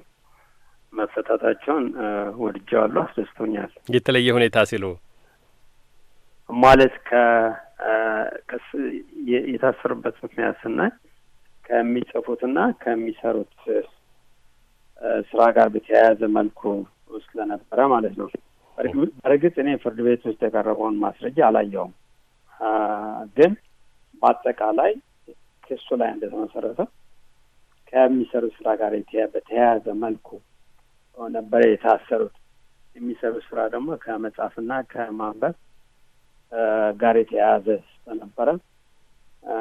መፈታታቸውን ወድጀዋለሁ፣ አስደስቶኛል። የተለየ ሁኔታ ሲሉ ማለት የታሰሩበት ምክንያት ስናይ ከሚጽፉትና ከሚሰሩት ስራ ጋር በተያያዘ መልኩ ስለነበረ ማለት ነው። በእርግጥ እኔ ፍርድ ቤት ውስጥ የቀረበውን ማስረጃ አላየውም፣ ግን በአጠቃላይ ክሱ ላይ እንደተመሰረተ ከሚሰሩት ስራ ጋር በተያያዘ መልኩ ነበረ የታሰሩት። የሚሰሩት ስራ ደግሞ ከመጻፍና ከማንበብ ጋር የተያያዘ ስለነበረ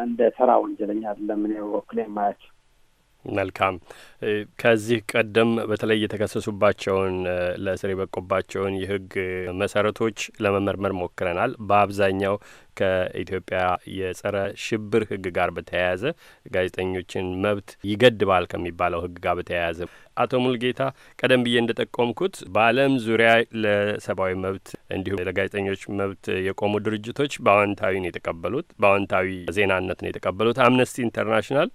እንደ ተራ ወንጀለኛ አይደለም እኔ ወክሌ ማያቸው መልካም ከዚህ ቀደም በተለይ የተከሰሱባቸውን ለእስር የበቁባቸውን የህግ መሰረቶች ለመመርመር ሞክረናል። በአብዛኛው ከኢትዮጵያ የጸረ ሽብር ህግ ጋር በተያያዘ ጋዜጠኞችን መብት ይገድባል ከሚባለው ህግ ጋር በተያያዘ አቶ ሙልጌታ ቀደም ብዬ እንደ ጠቆምኩት በአለም ዙሪያ ለሰብአዊ መብት እንዲሁም ለጋዜጠኞች መብት የቆሙ ድርጅቶች በአዎንታዊ ነው የተቀበሉት፣ በአዎንታዊ ዜናነት ነው የተቀበሉት። አምነስቲ ኢንተርናሽናል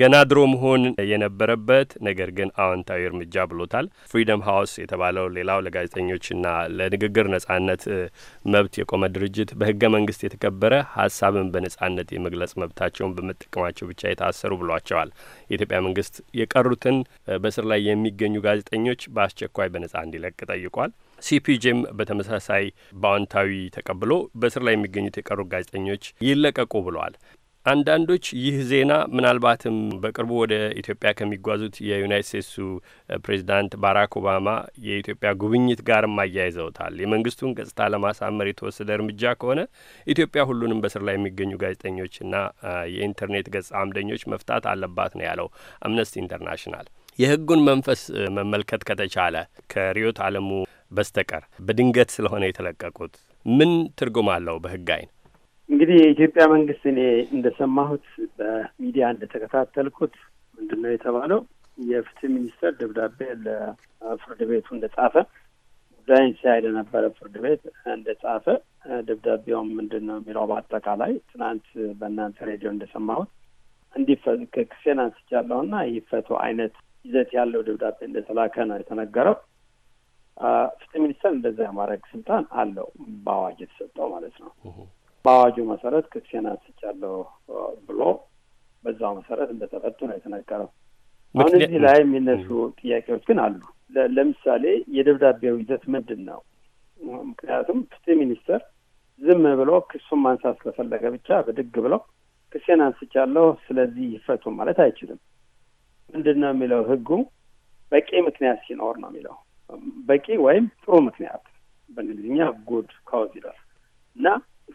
ገና ድሮ መሆን የነበረበት ነገር ግን አዎንታዊ እርምጃ ብሎታል። ፍሪደም ሀውስ የተባለው ሌላው ለጋዜጠኞችና ለንግግር ነጻነት መብት የቆመ ድርጅት በህገ መንግስት የተከበረ ሀሳብን በነጻነት የመግለጽ መብታቸውን በመጠቀማቸው ብቻ የታሰሩ ብሏቸዋል። የኢትዮጵያ መንግስት የቀሩትን በእስር ላይ የሚገኙ ጋዜጠኞች በአስቸኳይ በነጻ እንዲለቅ ጠይቋል። ሲፒጄም በተመሳሳይ በአዎንታዊ ተቀብሎ በእስር ላይ የሚገኙት የቀሩት ጋዜጠኞች ይለቀቁ ብለዋል። አንዳንዶች ይህ ዜና ምናልባትም በቅርቡ ወደ ኢትዮጵያ ከሚጓዙት የዩናይት ስቴትሱ ፕሬዚዳንት ባራክ ኦባማ የኢትዮጵያ ጉብኝት ጋርም አያይዘውታል። የመንግስቱን ገጽታ ለማሳመር የተወሰደ እርምጃ ከሆነ ኢትዮጵያ ሁሉንም በስር ላይ የሚገኙ ጋዜጠኞችና የኢንተርኔት ገጽ አምደኞች መፍታት አለባት ነው ያለው አምነስቲ ኢንተርናሽናል። የህጉን መንፈስ መመልከት ከተቻለ ከሪዮት አለሙ በስተቀር በድንገት ስለሆነ የተለቀቁት ምን ትርጉም አለው በህግ አይን? እንግዲህ የኢትዮጵያ መንግስት እኔ እንደሰማሁት በሚዲያ እንደተከታተልኩት ምንድን ነው የተባለው የፍትህ ሚኒስተር ደብዳቤ ለፍርድ ቤቱ እንደጻፈ ጉዳይን ሲያይ ለነበረ ፍርድ ቤት እንደጻፈ ደብዳቤውም ምንድን ነው የሚለው በአጠቃላይ ትናንት በእናንተ ሬዲዮ እንደሰማሁት እንዲፈቱ ከክሴን አንስቻለሁ እና ይፈቱ አይነት ይዘት ያለው ደብዳቤ እንደተላከ ነው የተነገረው። ፍትህ ሚኒስተር እንደዚያ ማድረግ ስልጣን አለው በአዋጅ የተሰጠው ማለት ነው። በአዋጁ መሰረት ክሴን አንስቻለሁ ብሎ በዛው መሰረት እንደተፈቱ ነው የተነገረው። አሁን እዚህ ላይ የሚነሱ ጥያቄዎች ግን አሉ። ለምሳሌ የደብዳቤው ይዘት ምንድን ነው? ምክንያቱም ፍትህ ሚኒስተር ዝም ብሎ ክሱን ማንሳት ስለፈለገ ብቻ ብድግ ብሎ ክሴን አንስቻለሁ ስለዚህ ይፈቱ ማለት አይችልም። ምንድን ነው የሚለው ህጉ በቂ ምክንያት ሲኖር ነው የሚለው። በቂ ወይም ጥሩ ምክንያት በእንግሊዝኛ ጉድ ካውዝ ይላል እና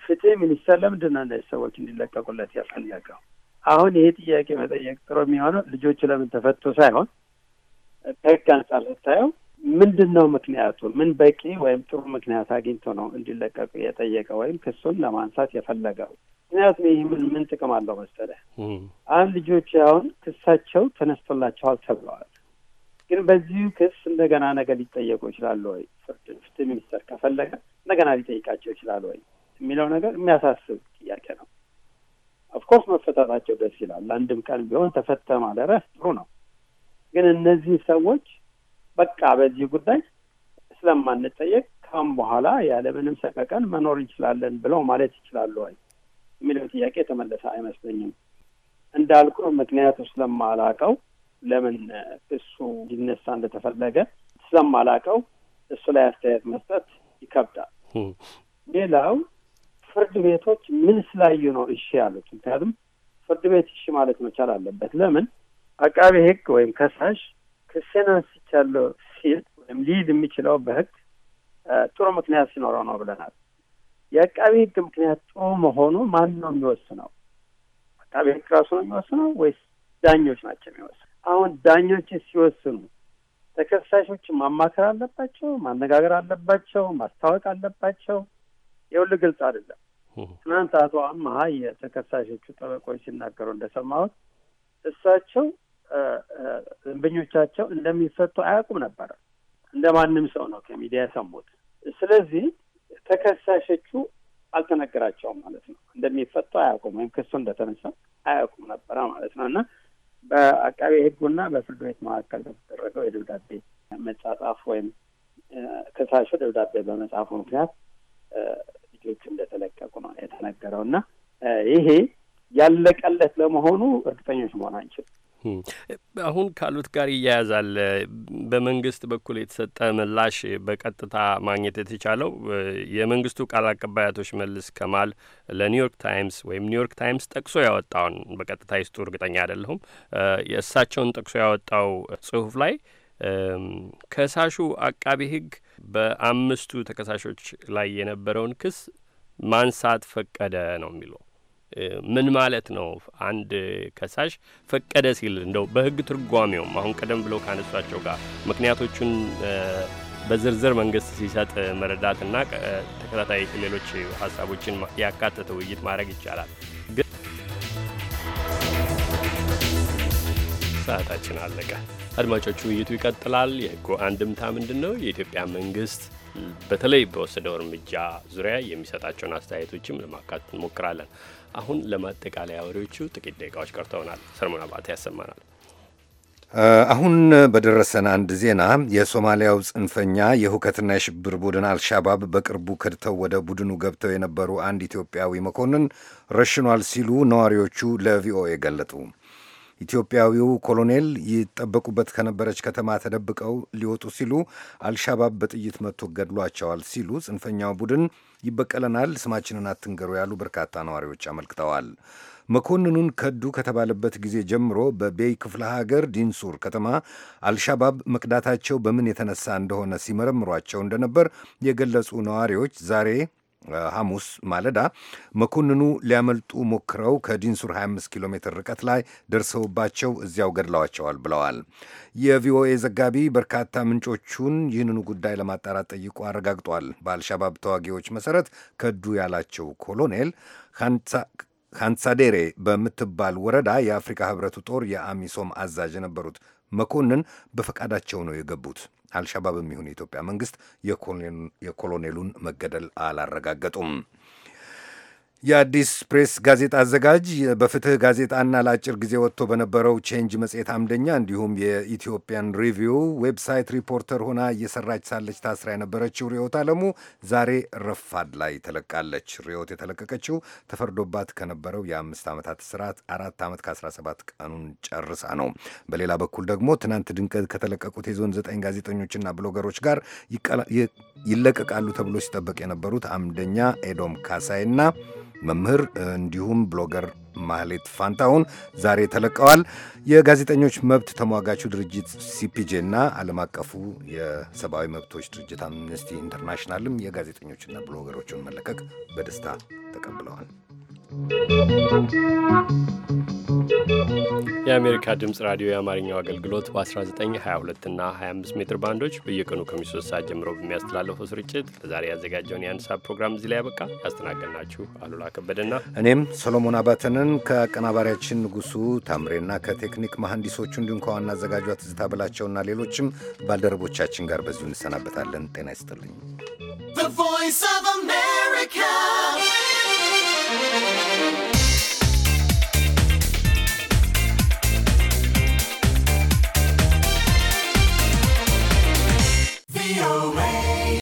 ፍትህ ሚኒስተር ለምንድን ነው እነዚህ ሰዎች እንዲለቀቁለት ያስፈለገው? አሁን ይሄ ጥያቄ መጠየቅ ጥሩ የሚሆነው ልጆቹ ለምን ተፈቶ ሳይሆን ከህግ አንጻር ስታየው ምንድን ነው ምክንያቱ? ምን በቂ ወይም ጥሩ ምክንያት አግኝቶ ነው እንዲለቀቁ የጠየቀ ወይም ክሱን ለማንሳት የፈለገው? ምክንያቱም ይህ ምን ምን ጥቅም አለው መሰለህ? አሁን ልጆች አሁን ክሳቸው ተነስቶላቸዋል ተብለዋል። ግን በዚሁ ክስ እንደገና ነገ ሊጠየቁ ይችላሉ ወይ? ፍትህ ሚኒስተር ከፈለገ እንደገና ሊጠይቃቸው ይችላሉ ወይ? የሚለው ነገር የሚያሳስብ ጥያቄ ነው። ኦፍኮርስ መፈታታቸው ደስ ይላል። ለአንድም ቀን ቢሆን ተፈተ ማደረስ ጥሩ ነው። ግን እነዚህ ሰዎች በቃ በዚህ ጉዳይ ስለማንጠየቅ ካም በኋላ ያለምንም ሰቀቀን መኖር እንችላለን ብለው ማለት ይችላሉ ወይ የሚለው ጥያቄ የተመለሰ አይመስለኝም። እንዳልኩ ምክንያቱ ስለማላቀው ለምን እሱ እንዲነሳ እንደተፈለገ ስለማላቀው እሱ ላይ አስተያየት መስጠት ይከብዳል። ሌላው ፍርድ ቤቶች ምን ስላዩ ነው እሺ ያሉት? ምክንያቱም ፍርድ ቤት እሺ ማለት መቻል አለበት። ለምን አቃቤ ሕግ ወይም ከሳሽ ክሴን አንስቻለሁ ሲል ወይም ሊል የሚችለው በሕግ ጥሩ ምክንያት ሲኖረው ነው ብለናል። የአቃቤ ሕግ ምክንያት ጥሩ መሆኑ ማን ነው የሚወስነው? አቃቤ ሕግ ራሱ ነው የሚወስነው ወይስ ዳኞች ናቸው የሚወስ አሁን ዳኞች ሲወስኑ ተከሳሾች ማማከር አለባቸው፣ ማነጋገር አለባቸው፣ ማስታወቅ አለባቸው የሁሉ ግልጽ አይደለም። ትናንት አቶ አመሀ የተከሳሾቹ ጠበቆች ሲናገሩ እንደሰማሁት እሳቸው ደንበኞቻቸው እንደሚፈቱ አያውቁም ነበረ። እንደ ማንም ሰው ነው ከሚዲያ የሰሙት። ስለዚህ ተከሳሾቹ አልተነገራቸውም ማለት ነው። እንደሚፈቱ አያውቁም ወይም ክሱ እንደተነሳ አያውቁም ነበረ ማለት ነው እና በአቃቤ ሕጉና በፍርድ ቤት መካከል በተደረገው የደብዳቤ መጻጻፍ ወይም ከሳሹ ደብዳቤ በመጻፉ ምክንያት ሴቶች እንደተለቀቁ ነው የተነገረው እና ይሄ ያለቀለት ለመሆኑ እርግጠኞች መሆን አንችል። አሁን ካሉት ጋር ይያያዛል። በመንግስት በኩል የተሰጠ ምላሽ በቀጥታ ማግኘት የተቻለው የመንግስቱ ቃል አቀባያቶች መልስ ከማል ለኒውዮርክ ታይምስ ወይም ኒውዮርክ ታይምስ ጠቅሶ ያወጣውን በቀጥታ ይስጡ እርግጠኛ አይደለሁም። የእሳቸውን ጠቅሶ ያወጣው ጽሁፍ ላይ ከሳሹ አቃቢ ህግ በአምስቱ ተከሳሾች ላይ የነበረውን ክስ ማንሳት ፈቀደ ነው የሚለው ምን ማለት ነው? አንድ ከሳሽ ፈቀደ ሲል እንደው በህግ ትርጓሜውም አሁን ቀደም ብሎ ካነሷቸው ጋር ምክንያቶቹን በዝርዝር መንግስት ሲሰጥ መረዳትና ተከታታይ ሌሎች ሀሳቦችን ያካተተ ውይይት ማድረግ ይቻላል። ግን ሰዓታችን አለቀ። አድማጮቹ ውይይቱ ይቀጥላል። የህጉ አንድምታ ምንድን ነው? የኢትዮጵያ መንግስት በተለይ በወሰደው እርምጃ ዙሪያ የሚሰጣቸውን አስተያየቶችም ለማካት እንሞክራለን። አሁን ለማጠቃለያ ወሬዎቹ ጥቂት ደቂቃዎች ቀርተውናል። ሰለሞን አባተ ያሰማናል። አሁን በደረሰን አንድ ዜና የሶማሊያው ጽንፈኛ የሁከትና የሽብር ቡድን አልሻባብ በቅርቡ ከድተው ወደ ቡድኑ ገብተው የነበሩ አንድ ኢትዮጵያዊ መኮንን ረሽኗል ሲሉ ነዋሪዎቹ ለቪኦኤ ገለጡ። ኢትዮጵያዊው ኮሎኔል ይጠበቁበት ከነበረች ከተማ ተደብቀው ሊወጡ ሲሉ አልሻባብ በጥይት መቶ ገድሏቸዋል ሲሉ ጽንፈኛው ቡድን ይበቀለናል፣ ስማችንን አትንገሩ ያሉ በርካታ ነዋሪዎች አመልክተዋል። መኮንኑን ከዱ ከተባለበት ጊዜ ጀምሮ በቤይ ክፍለ ሀገር ዲንሱር ከተማ አልሻባብ መክዳታቸው በምን የተነሳ እንደሆነ ሲመረምሯቸው እንደነበር የገለጹ ነዋሪዎች ዛሬ ሐሙስ ማለዳ መኮንኑ ሊያመልጡ ሞክረው ከዲንሱር 25 ኪሎ ሜትር ርቀት ላይ ደርሰውባቸው እዚያው ገድለዋቸዋል ብለዋል። የቪኦኤ ዘጋቢ በርካታ ምንጮቹን ይህንኑ ጉዳይ ለማጣራት ጠይቆ አረጋግጧል። በአልሻባብ ተዋጊዎች መሰረት ከዱ ያላቸው ኮሎኔል ሃንሳዴሬ በምትባል ወረዳ የአፍሪካ ህብረቱ ጦር የአሚሶም አዛዥ የነበሩት መኮንን በፈቃዳቸው ነው የገቡት። አልሻባብም ይሁን የኢትዮጵያ መንግስት የኮሎኔሉን መገደል አላረጋገጡም። የአዲስ ፕሬስ ጋዜጣ አዘጋጅ በፍትህ ጋዜጣና ለአጭር ጊዜ ወጥቶ በነበረው ቼንጅ መጽሔት አምደኛ እንዲሁም የኢትዮጵያን ሪቪው ዌብሳይት ሪፖርተር ሆና እየሰራች ሳለች ታስራ የነበረችው ርዮት አለሙ ዛሬ ረፋድ ላይ ተለቃለች። ርዮት የተለቀቀችው ተፈርዶባት ከነበረው የአምስት ዓመታት እስራት አራት ዓመት ከ17 ቀኑን ጨርሳ ነው። በሌላ በኩል ደግሞ ትናንት ድንቀት ከተለቀቁት የዞን ዘጠኝ ጋዜጠኞችና ብሎገሮች ጋር ይለቀቃሉ ተብሎ ሲጠበቅ የነበሩት አምደኛ ኤዶም ካሳይና መምህር እንዲሁም ብሎገር ማህሌት ፋንታሁን ዛሬ ተለቀዋል። የጋዜጠኞች መብት ተሟጋቹ ድርጅት ሲፒጄ እና ዓለም አቀፉ የሰብአዊ መብቶች ድርጅት አምነስቲ ኢንተርናሽናልም የጋዜጠኞችና ብሎገሮችን መለቀቅ በደስታ ተቀብለዋል። የአሜሪካ ድምፅ ራዲዮ የአማርኛው አገልግሎት በ1922 እና 25 ሜትር ባንዶች በየቀኑ ከምሽቱ ሰዓት ጀምሮ በሚያስተላለፈው ስርጭት ለዛሬ ያዘጋጀውን የአንድ ሰዓት ፕሮግራም እዚህ ላይ ያበቃ። ያስተናገድናችሁ አሉላ ከበደና እኔም ሰሎሞን አባተንን ከአቀናባሪያችን ንጉሱ ታምሬና ከቴክኒክ መሐንዲሶቹ እንዲሁም ከዋና አዘጋጇ ትዝታ ብላቸውና ሌሎችም ባልደረቦቻችን ጋር በዚሁ እንሰናበታለን። ጤና ይስጥልኝ። The Voice of be away.